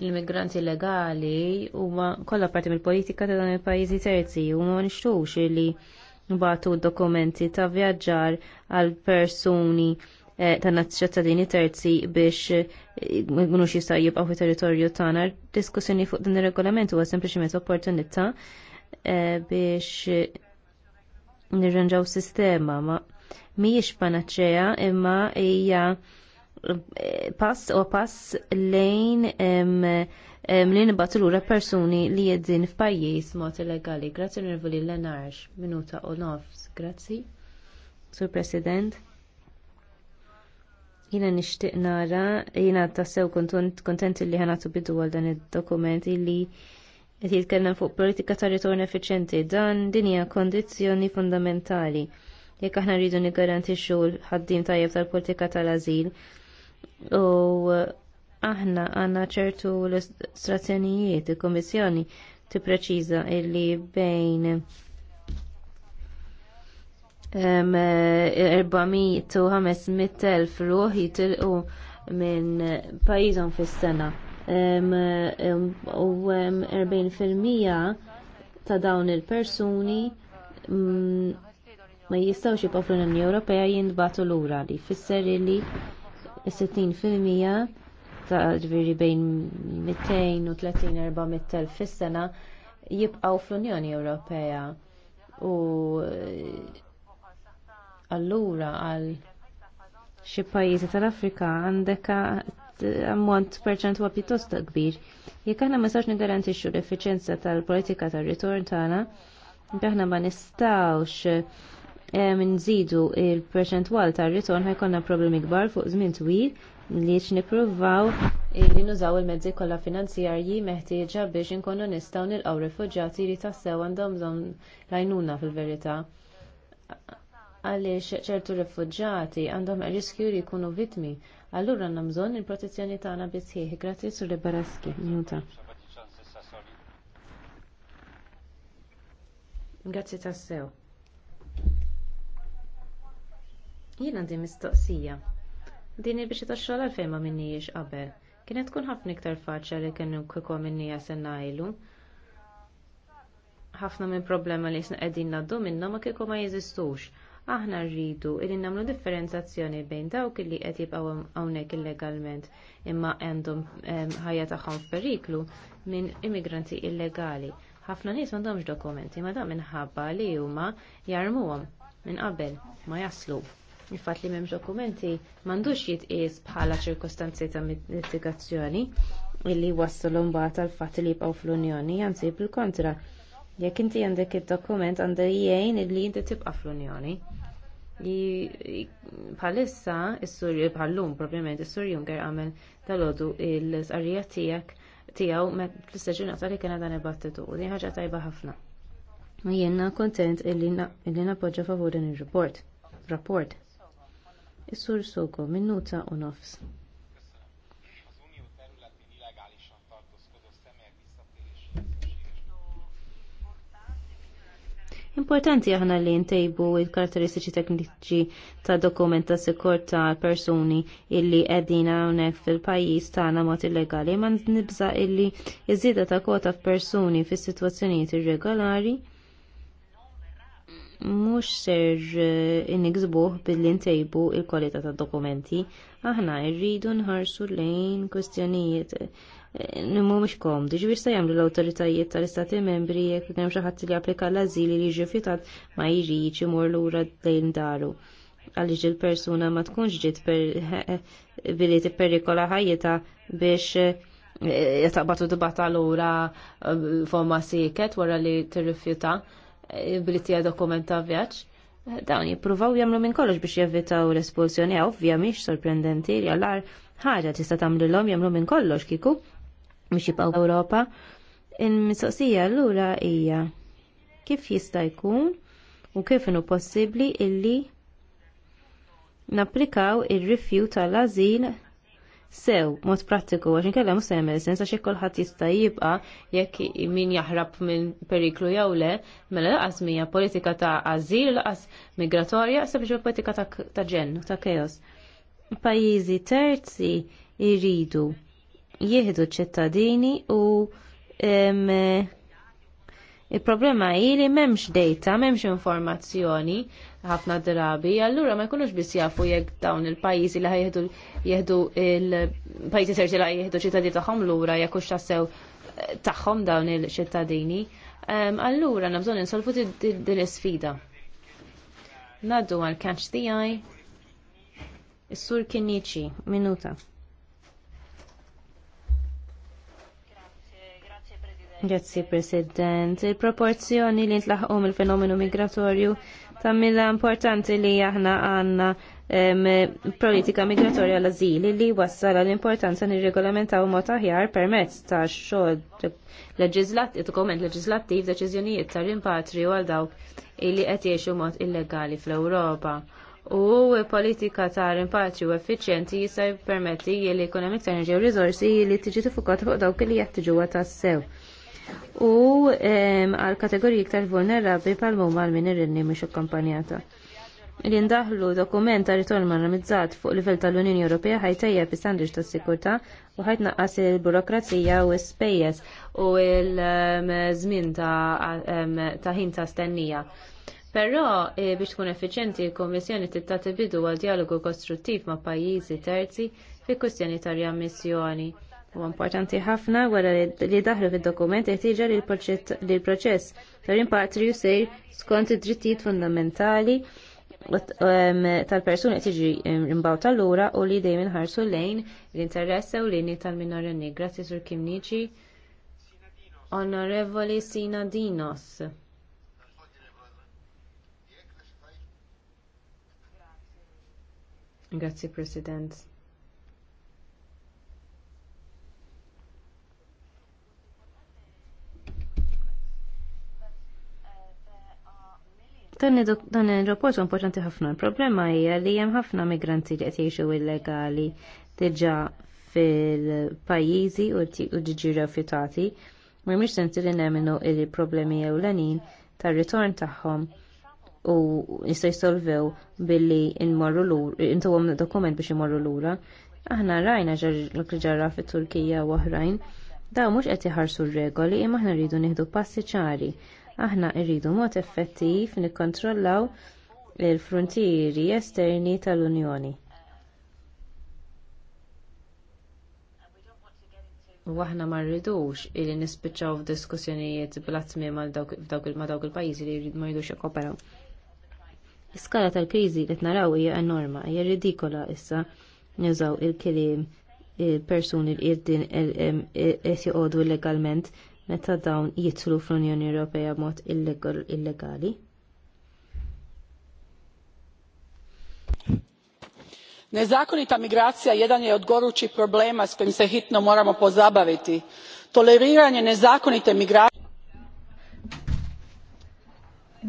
S4: l-immigranti legali huma kollha parti mill-politika ta' dan il-pajjiżi terzi u ma nixtux li nbagħtu dokumenti ta' vjaġġar għal persuni eh, ta' nazzjonalini terzi biex eh, mhux jista' jibqgħu fit territorju tagħna. Diskussjoni fuq din ir-regolament huwa sempliċiment opportunità eh, biex nirranġaw sistema ma mhijiex panaċea imma hija pass u pass lejn li nibatu lura persuni li jeddin f'pajjiż mod illegali. Grazzi nirvuli l minuta u nofs. Grazzi, Sur President. Jina nishtiq nara, jina tassew kontent li ħanatu bidu għal dan id-dokument li qed jitkellem fuq politika ta' ritorn effiċjenti. Dan din hija kondizzjoni fundamentali jekk aħna rridu niggarantixxu l-ħaddim tajjeb tal-politika tal-ażil u uh, aħna għandna ċertu l-istrazzjonijiet il kummissjoni preċiza illi bejn 400 500000 ruħi ruħ minn pajjiżhom fis-sena u 40% ta' dawn il-persuni mm, ma jistawx jibqgħu fl-Unjoni Ewropea l lura li fisser illi 60% ta' ġviri bejn 200 u 300 400 fis-sena jibqaw fl-Unjoni Ewropea u eh, allura għal xi pajjiżi tal-Afrika għandek ammont perċentwa pjuttost kbir. Jekk aħna ma nistax nigarantixxu l-effiċenza tal-politika tar-ritorn tagħna, aħna ma nistgħux Eh, nżidu il-perċentwal tar ritorn ħajkonna problemi kbar fuq żmien twil li nippruvaw li nużaw il-mezzi kollha finanzjarji meħtieġa biex inkunu nistgħu nilqgħu rifuġjati li tassew għandhom bżonn lajnuna fil-verità. Għaliex ċertu rifuġjati għandhom riskju li jkunu vittmi, allura għandhom bżonn il-protezzjoni tagħna sħiħ. Grazzi sur Liberaski. Minuta. Grazzi tassew. Jien għandi mistoqsija. Din il biex ta' xogħol għalfejn ma minnijiex qabel. Kienet tkun ħafna iktar faċa li kienu kiko minnija senna ilu. Ħafna minn problema li jisna qegħdin naddu minnhom ma kieku ma jeżistux. Aħna rridu li nagħmlu differenzjazzjoni bejn dawk li qed jibqgħu hawnhekk illegalment imma għandhom ehm, ħajja tagħhom f'periklu minn immigranti illegali. Ħafna nies m'għandhomx dokumenti ma dan minħabba li huma jarmuhom minn qabel ma jaslu il-fat li memx dokumenti mandux jitqis bħala ċirkostanzi ta' mitigazzjoni illi wassalhom bat għal fatt li jibqgħu fl-Unjoni, anzi bil-kontra. Jekk inti għandek id-dokument għandha jgħin illi inti tibqa' fl-Unjoni. Bħalissa, is surju bħallum probabbilment is-sur Juncker għamel dalodu il-sqarrija tiegħek tiegħu fl-istaġunata li kien dan ibattitu u din ħaġa tajba ħafna. Jiena kontent illi nappoġġa favur din ir-rapport. Rapport. Is-sur Soko, minuta u nofs. Importanti aħna li ntejbu il-karatteristiċi tekniċi ta' dokument ta' sikur ta' persuni illi qegħdin hawnhekk fil-pajis tagħna mod illegali ma' nibza illi iż-żieda ta' kota f'persuni fis-sitwazzjonijiet irregolari mhux ser eh, inigżbuh billi ntejbu l kwalità tad-dokumenti, aħna rridu nħarsu lejn kwestjonijiet eh, mhumiex komdi. Ġifier se jagħmlu l-awtoritajiet tal-Istati Membri jekk hemm xi ħadd li japplika l-ażil li ġifjutat ma jridx imur lura lejn daru għaliex il-persuna ma tkunx ġiet eh, billi tipperikola ħajjita biex jataqbatu dibata l-ura forma siket wara li tirrifjuta billi tija dokumenta vjaġġ. Dawn jippruvaw jagħmlu minn kollox biex jevitaw l-espulsjoni ovvja mhix sorprendenti għallar ħaġa tista' l-om jamlu minn kollox kieku biex jibqaw Ewropa. Il-mistoqsija allura hija kif jista' jkun u kif inu possibbli illi napplikaw ir-rifju tal-azil sew mod pratiku għax inkella u se sensa sens kolħat kulħadd jista' jibqa' jekk min jaħrab minn periklu jew le, mela laqas mija politika ta' azil, laqas migratorja, sempliċi politika ta' ġen, ta' keos. Pajjiżi terzi jridu jieħdu ċittadini u Il-problema hi li m'hemmx data, m'hemmx informazzjoni ħafna drabi, allura ma jkunux biss jafu jekk dawn il-pajjiżi li ħajħdu jieħdu il-pajjiżi serġi li jieħdu ċittadini tagħhom lura jekk hux tassew eh, tagħhom dawn il-ċittadini. Allura nabżon insolvu din is-sfida. Naddu għal catch the eye. Is-sur Kinnici, minuta. Grazzi President. Il-proporzjoni li ntlaħqom il-fenomenu migratorju ta' importanti li aħna għanna politika migratorja l-azili li wassal l-importanza nirregolamentaw mod aħjar permezz ta' xogħol leġislattiv, dokument leġislattiv, deċiżjonijiet ta' rimpatri għal dawk li qed jgħixu mod illegali fl-Ewropa u politika ta' rimpatri u effiċjenti jista' jippermetti li jkun hemm iktar enerġija u riżorsi li tiġi tifukat fuq dawk li jeħtieġuha tassew u għal kategoriji iktar vulnerabli pal huma l-min irrinni mhux akkompanjata. Li ndaħlu dokument ta' ritorn marramizzat fuq livell tal-Unjoni Ewropea ħajtejja bi standards ta' sikurtà u ħajtnaqqas il-burokrazija u s-spejjeż u l-żmien ta' ħin ta' stennija. Però e, biex tkun effiċenti il-Kommissjoni tittati bidu għal dialogu kostruttiv ma' pajjiżi terzi fi kwestjoni ta' riammissjoni U importanti ħafna wara li daħlu fil-dokument jtiġa li l-proċess tar impatri sej skont id-drittijiet fundamentali tal persuni qed tiġi imbawta lura u li dejjem ħarsu lejn l-interess u lini tal-minorenni. Grazzi sur Kim Niċi. Onorevoli Sina Dinos. Grazie President. Dan il-rapport u importanti ħafna. Il-problema hija li hemm ħafna migranti li qed jgħixu illegali diġà fil-pajjiżi u ġiġi rifjutati. Mhemmx senti li nemmenu il-problemi ewlenin tar-ritorn tagħhom u jista' jsolvew billi nmorru lura, intuhom dokument biex imorru lura. Aħna rajna ġarra fit-Turkija u oħrajn Da mhux qed jħarsu r-regoli imma aħna rridu nieħdu passi ċari Aħna rridu mod effettiv nikkontrollaw il-frontieri esterni tal-Unjoni. U aħna ma rridux li nispiċċaw f'diskussjonijiet blatmi ma' dawk il-pajjiżi li ma jridux l Iskala tal-kriżi li naraw hija enorma, hija ridikola issa nużaw il-kliem il-persuni li qegħdin qed joqogħdu illegalment meta dawn jidħlu fl-Unjoni Ewropea b'mod illegali?
S1: Nezakonita migracija jedan je od gorućih problema s kojim se hitno moramo pozabaviti. Toleriranje nezakonite migracije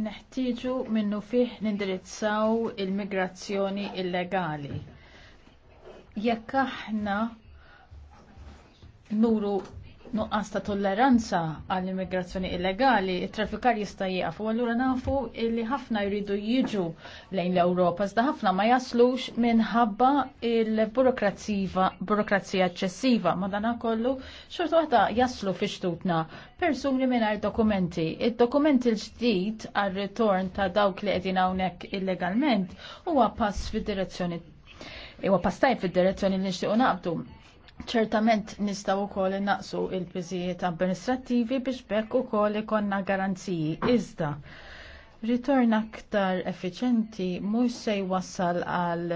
S1: Neħtieġu minnu fih nindirizzaw il-migrazzjoni illegali. Jekk aħna nuru nuqqas ta' tolleranza għall-immigrazzjoni illegali, it-traffikar jista' jieqaf u allura nafu li ħafna jridu jiġu lejn l-Ewropa, iżda ħafna ma jaslux minħabba il-burokrazija eċċessiva. Madana kollu xorta waħda jaslu fi xtutna persuni mingħajr dokumenti. Id-dokumenti l-ġdid għar-ritorn ta' dawk li qegħdin hawnhekk illegalment huwa pass fid-direzzjoni Iwa pastajt fil-direzzjoni li nixtiequ naqbdu ċertament nistaw ukoll naqsu il pizijiet amministrattivi biex bekk ukoll ikonna garanziji. Iżda, ritorn aktar effiċenti mhux se jwassal għal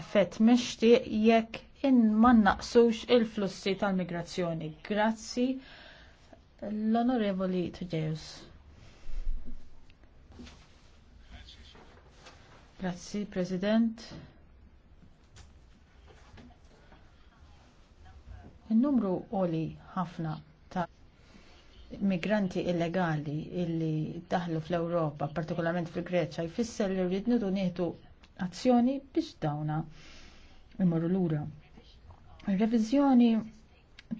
S1: effett meċti jekk in ma naqsux il-flussi tal-migrazzjoni. Grazzi l-Onorevoli Tuġeus. Grazzi, President. Il-numru għoli ħafna ta' migranti illegali illi daħlu fl-Europa, partikolarment fil-Greċa, jfisser li rridnu du azzjoni biex dawna imorru lura. Il-revizjoni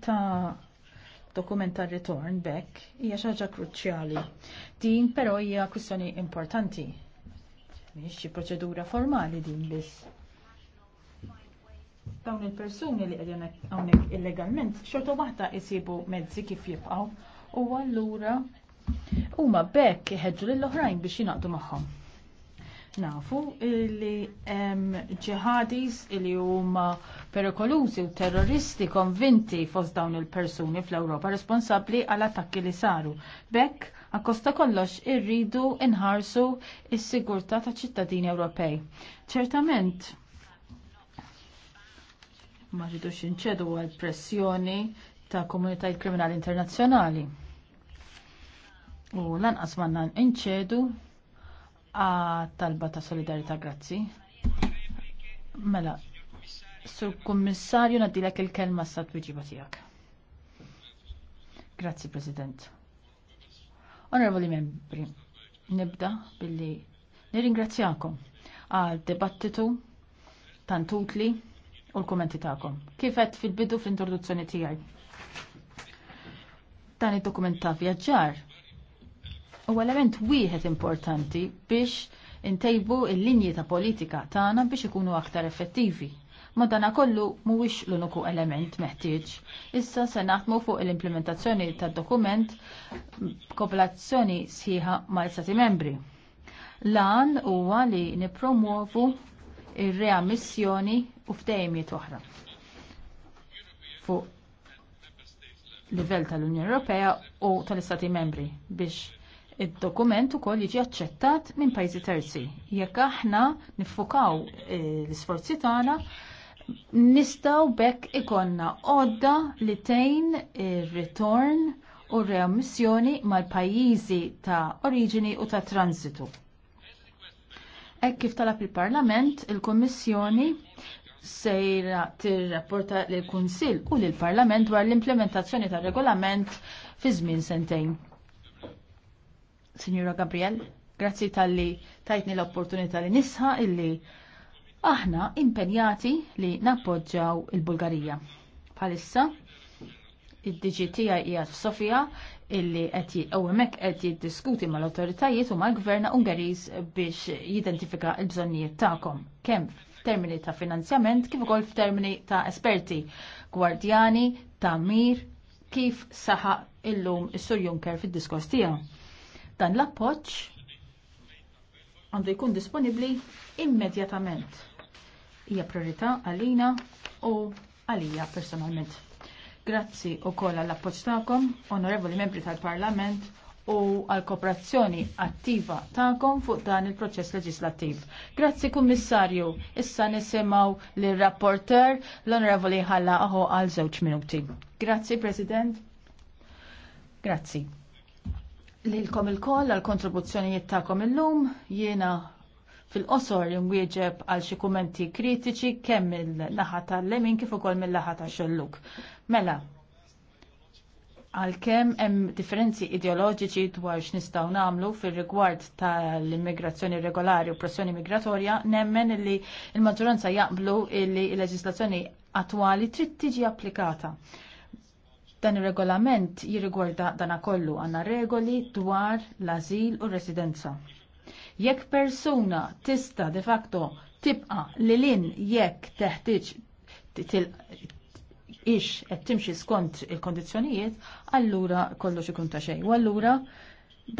S1: ta' dokument return back hija xi ħaġa kruċjali. Din però hija kwistjoni importanti. Mhix xi proċedura formali din biss dawn il-persuni li qegħdin hawnhekk illegalment xorta waħda jsibu mezzi kif jibqgħu u allura huma bekk iħeġġu lill-oħrajn biex jingħaqdu magħhom. Nafu li hemm ġihadis li huma perikolużi u terroristi konvinti fost dawn il-persuni fl-Ewropa responsabbli għal attakki li saru. Bekk Akkosta kollox irridu inħarsu is-sigurtà ta' ċittadini Ewropej. Ċertament, ma rridux inċedu għal pressjoni ta' komunità kriminali internazzjonali. U lanqas manna inċedu għal talba ta' solidarita grazzi. Mela, sur kummissarju nadilek il-kelma s-sat tijak. Grazzi, President. Onorevoli membri, nibda billi nirringrazzjakom għal debattitu tantutli u l-kommenti ta'kom. Kifet fil-bidu fl-introduzzjoni tijaj. Dan id-dokument ta' vjaġġar u element wieħed importanti biex intejbu il-linji ta' politika tagħna biex ikunu aktar effettivi. Madana kollu mhuwiex l-uniku element meħtieġ. Issa se naħdmu fuq l-implementazzjoni tad-dokument kooperazzjoni sħiħa mal-Stati membri. Lan huwa li nippromuovu ir-reammissjoni u fdejmiet oħra. Fuq livell tal-Unjoni Ewropea u tal-Istati Membri biex id-dokument ukoll jiġi aċċettat minn pajjiżi terzi. Jekk aħna niffukaw eh, l-isforzi tagħna nistgħu bekk ikonna odda li tejn ir-return u reammissjoni mal-pajjiżi ta' oriġini u ta' transitu. Ek kif talab il-Parlament, il-Kommissjoni sejra tir-rapporta l-Kunsil u l-Parlament dwar l-implementazzjoni tal-regolament fi żmien sentejn. Signora Gabriel, grazzi tal-li tajtni l-opportunità li nisħa illi aħna impenjati li nappoġġaw il-Bulgarija. Palissa, id-DGTI hija f'Sofija, illi qed u hemmhekk qed jiddiskuti mal-awtoritajiet u mal-gvern Ungeriz biex jidentifika l-bżonnijiet tagħkom kemm f'termini ta' finanzjament kif ukoll f'termini ta' esperti, gwardjani, ta' mir, kif saħaq illum is-Sur Juncker fid-diskors tiegħu. Dan l-appoġġ għandu jkun disponibbli immedjatament. Hija priorità għalina u għalija personalment. Grazzi u koll għall appoġġ tagħkom, onorevoli membri tal-Parlament u għal kooperazzjoni attiva tagħkom fuq dan il-proċess leġislattiv. Grazzi Kummissarju, issa nisimaw lir rapporter l-Onorevoli Ħalla aħo għal żewġ minuti. Grazzi President. Grazzi lilkom il-koll għal kontribuzzjonijiet ta'kom il-lum, jiena fil-qosor imwieġeb għal xi kumenti kritiċi kemm mill-naħa tal-lemin kif ukoll mill laħa tax-xelluk. Mela, għalkemm hemm differenzi ideoloġiċi dwar x'nistgħu nagħmlu fir-rigward tal-immigrazzjoni regolari u pressjoni migratorja, nemmen li l-maġġoranza jaqblu li l-leġislazzjoni attwali trid tiġi applikata dan ir-regolament jirrigwarda dana kollu għandna regoli dwar l-azil u residenza. Jekk persuna tista de facto tibqa li lin jekk teħtieġ ix qed timxi skont il-kondizzjonijiet, allura kollox ikun ta' xejn. U allura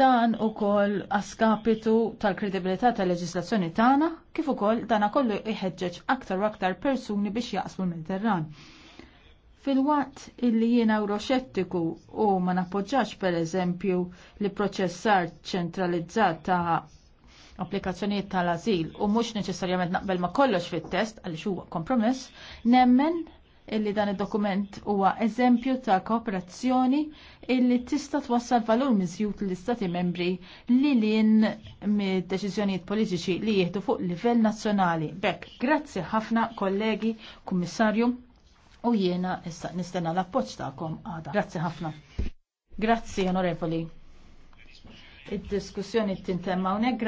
S1: dan ukoll askapitu tal-kredibilità tal-leġislazzjoni tagħna, kif ukoll dana kollu iħeġġeġ aktar u aktar persuni biex jaqsmu l-Mediterran. Fil-waqt illi jiena euroxettiku u ma nappoġġax per eżempju li proċessar ċentralizzat ta' applikazzjonijiet tal-azil u mhux neċessarjament naqbel ma kollox fit-test għaliex huwa kompromess, nemmen illi dan id-dokument huwa eżempju ta' kooperazzjoni illi tista' twassal valur miżjud l-Istati membri li lin mid-deċiżjonijiet politiċi li jieħdu fuq livell nazzjonali. Bekk, grazzi ħafna kollegi, kummissarju, u jiena issa nistenna l-appoġġ tagħkom għada. Grazzi ħafna. Grazzi, onorevoli. Id-diskussjoni tintemma hawnhekk.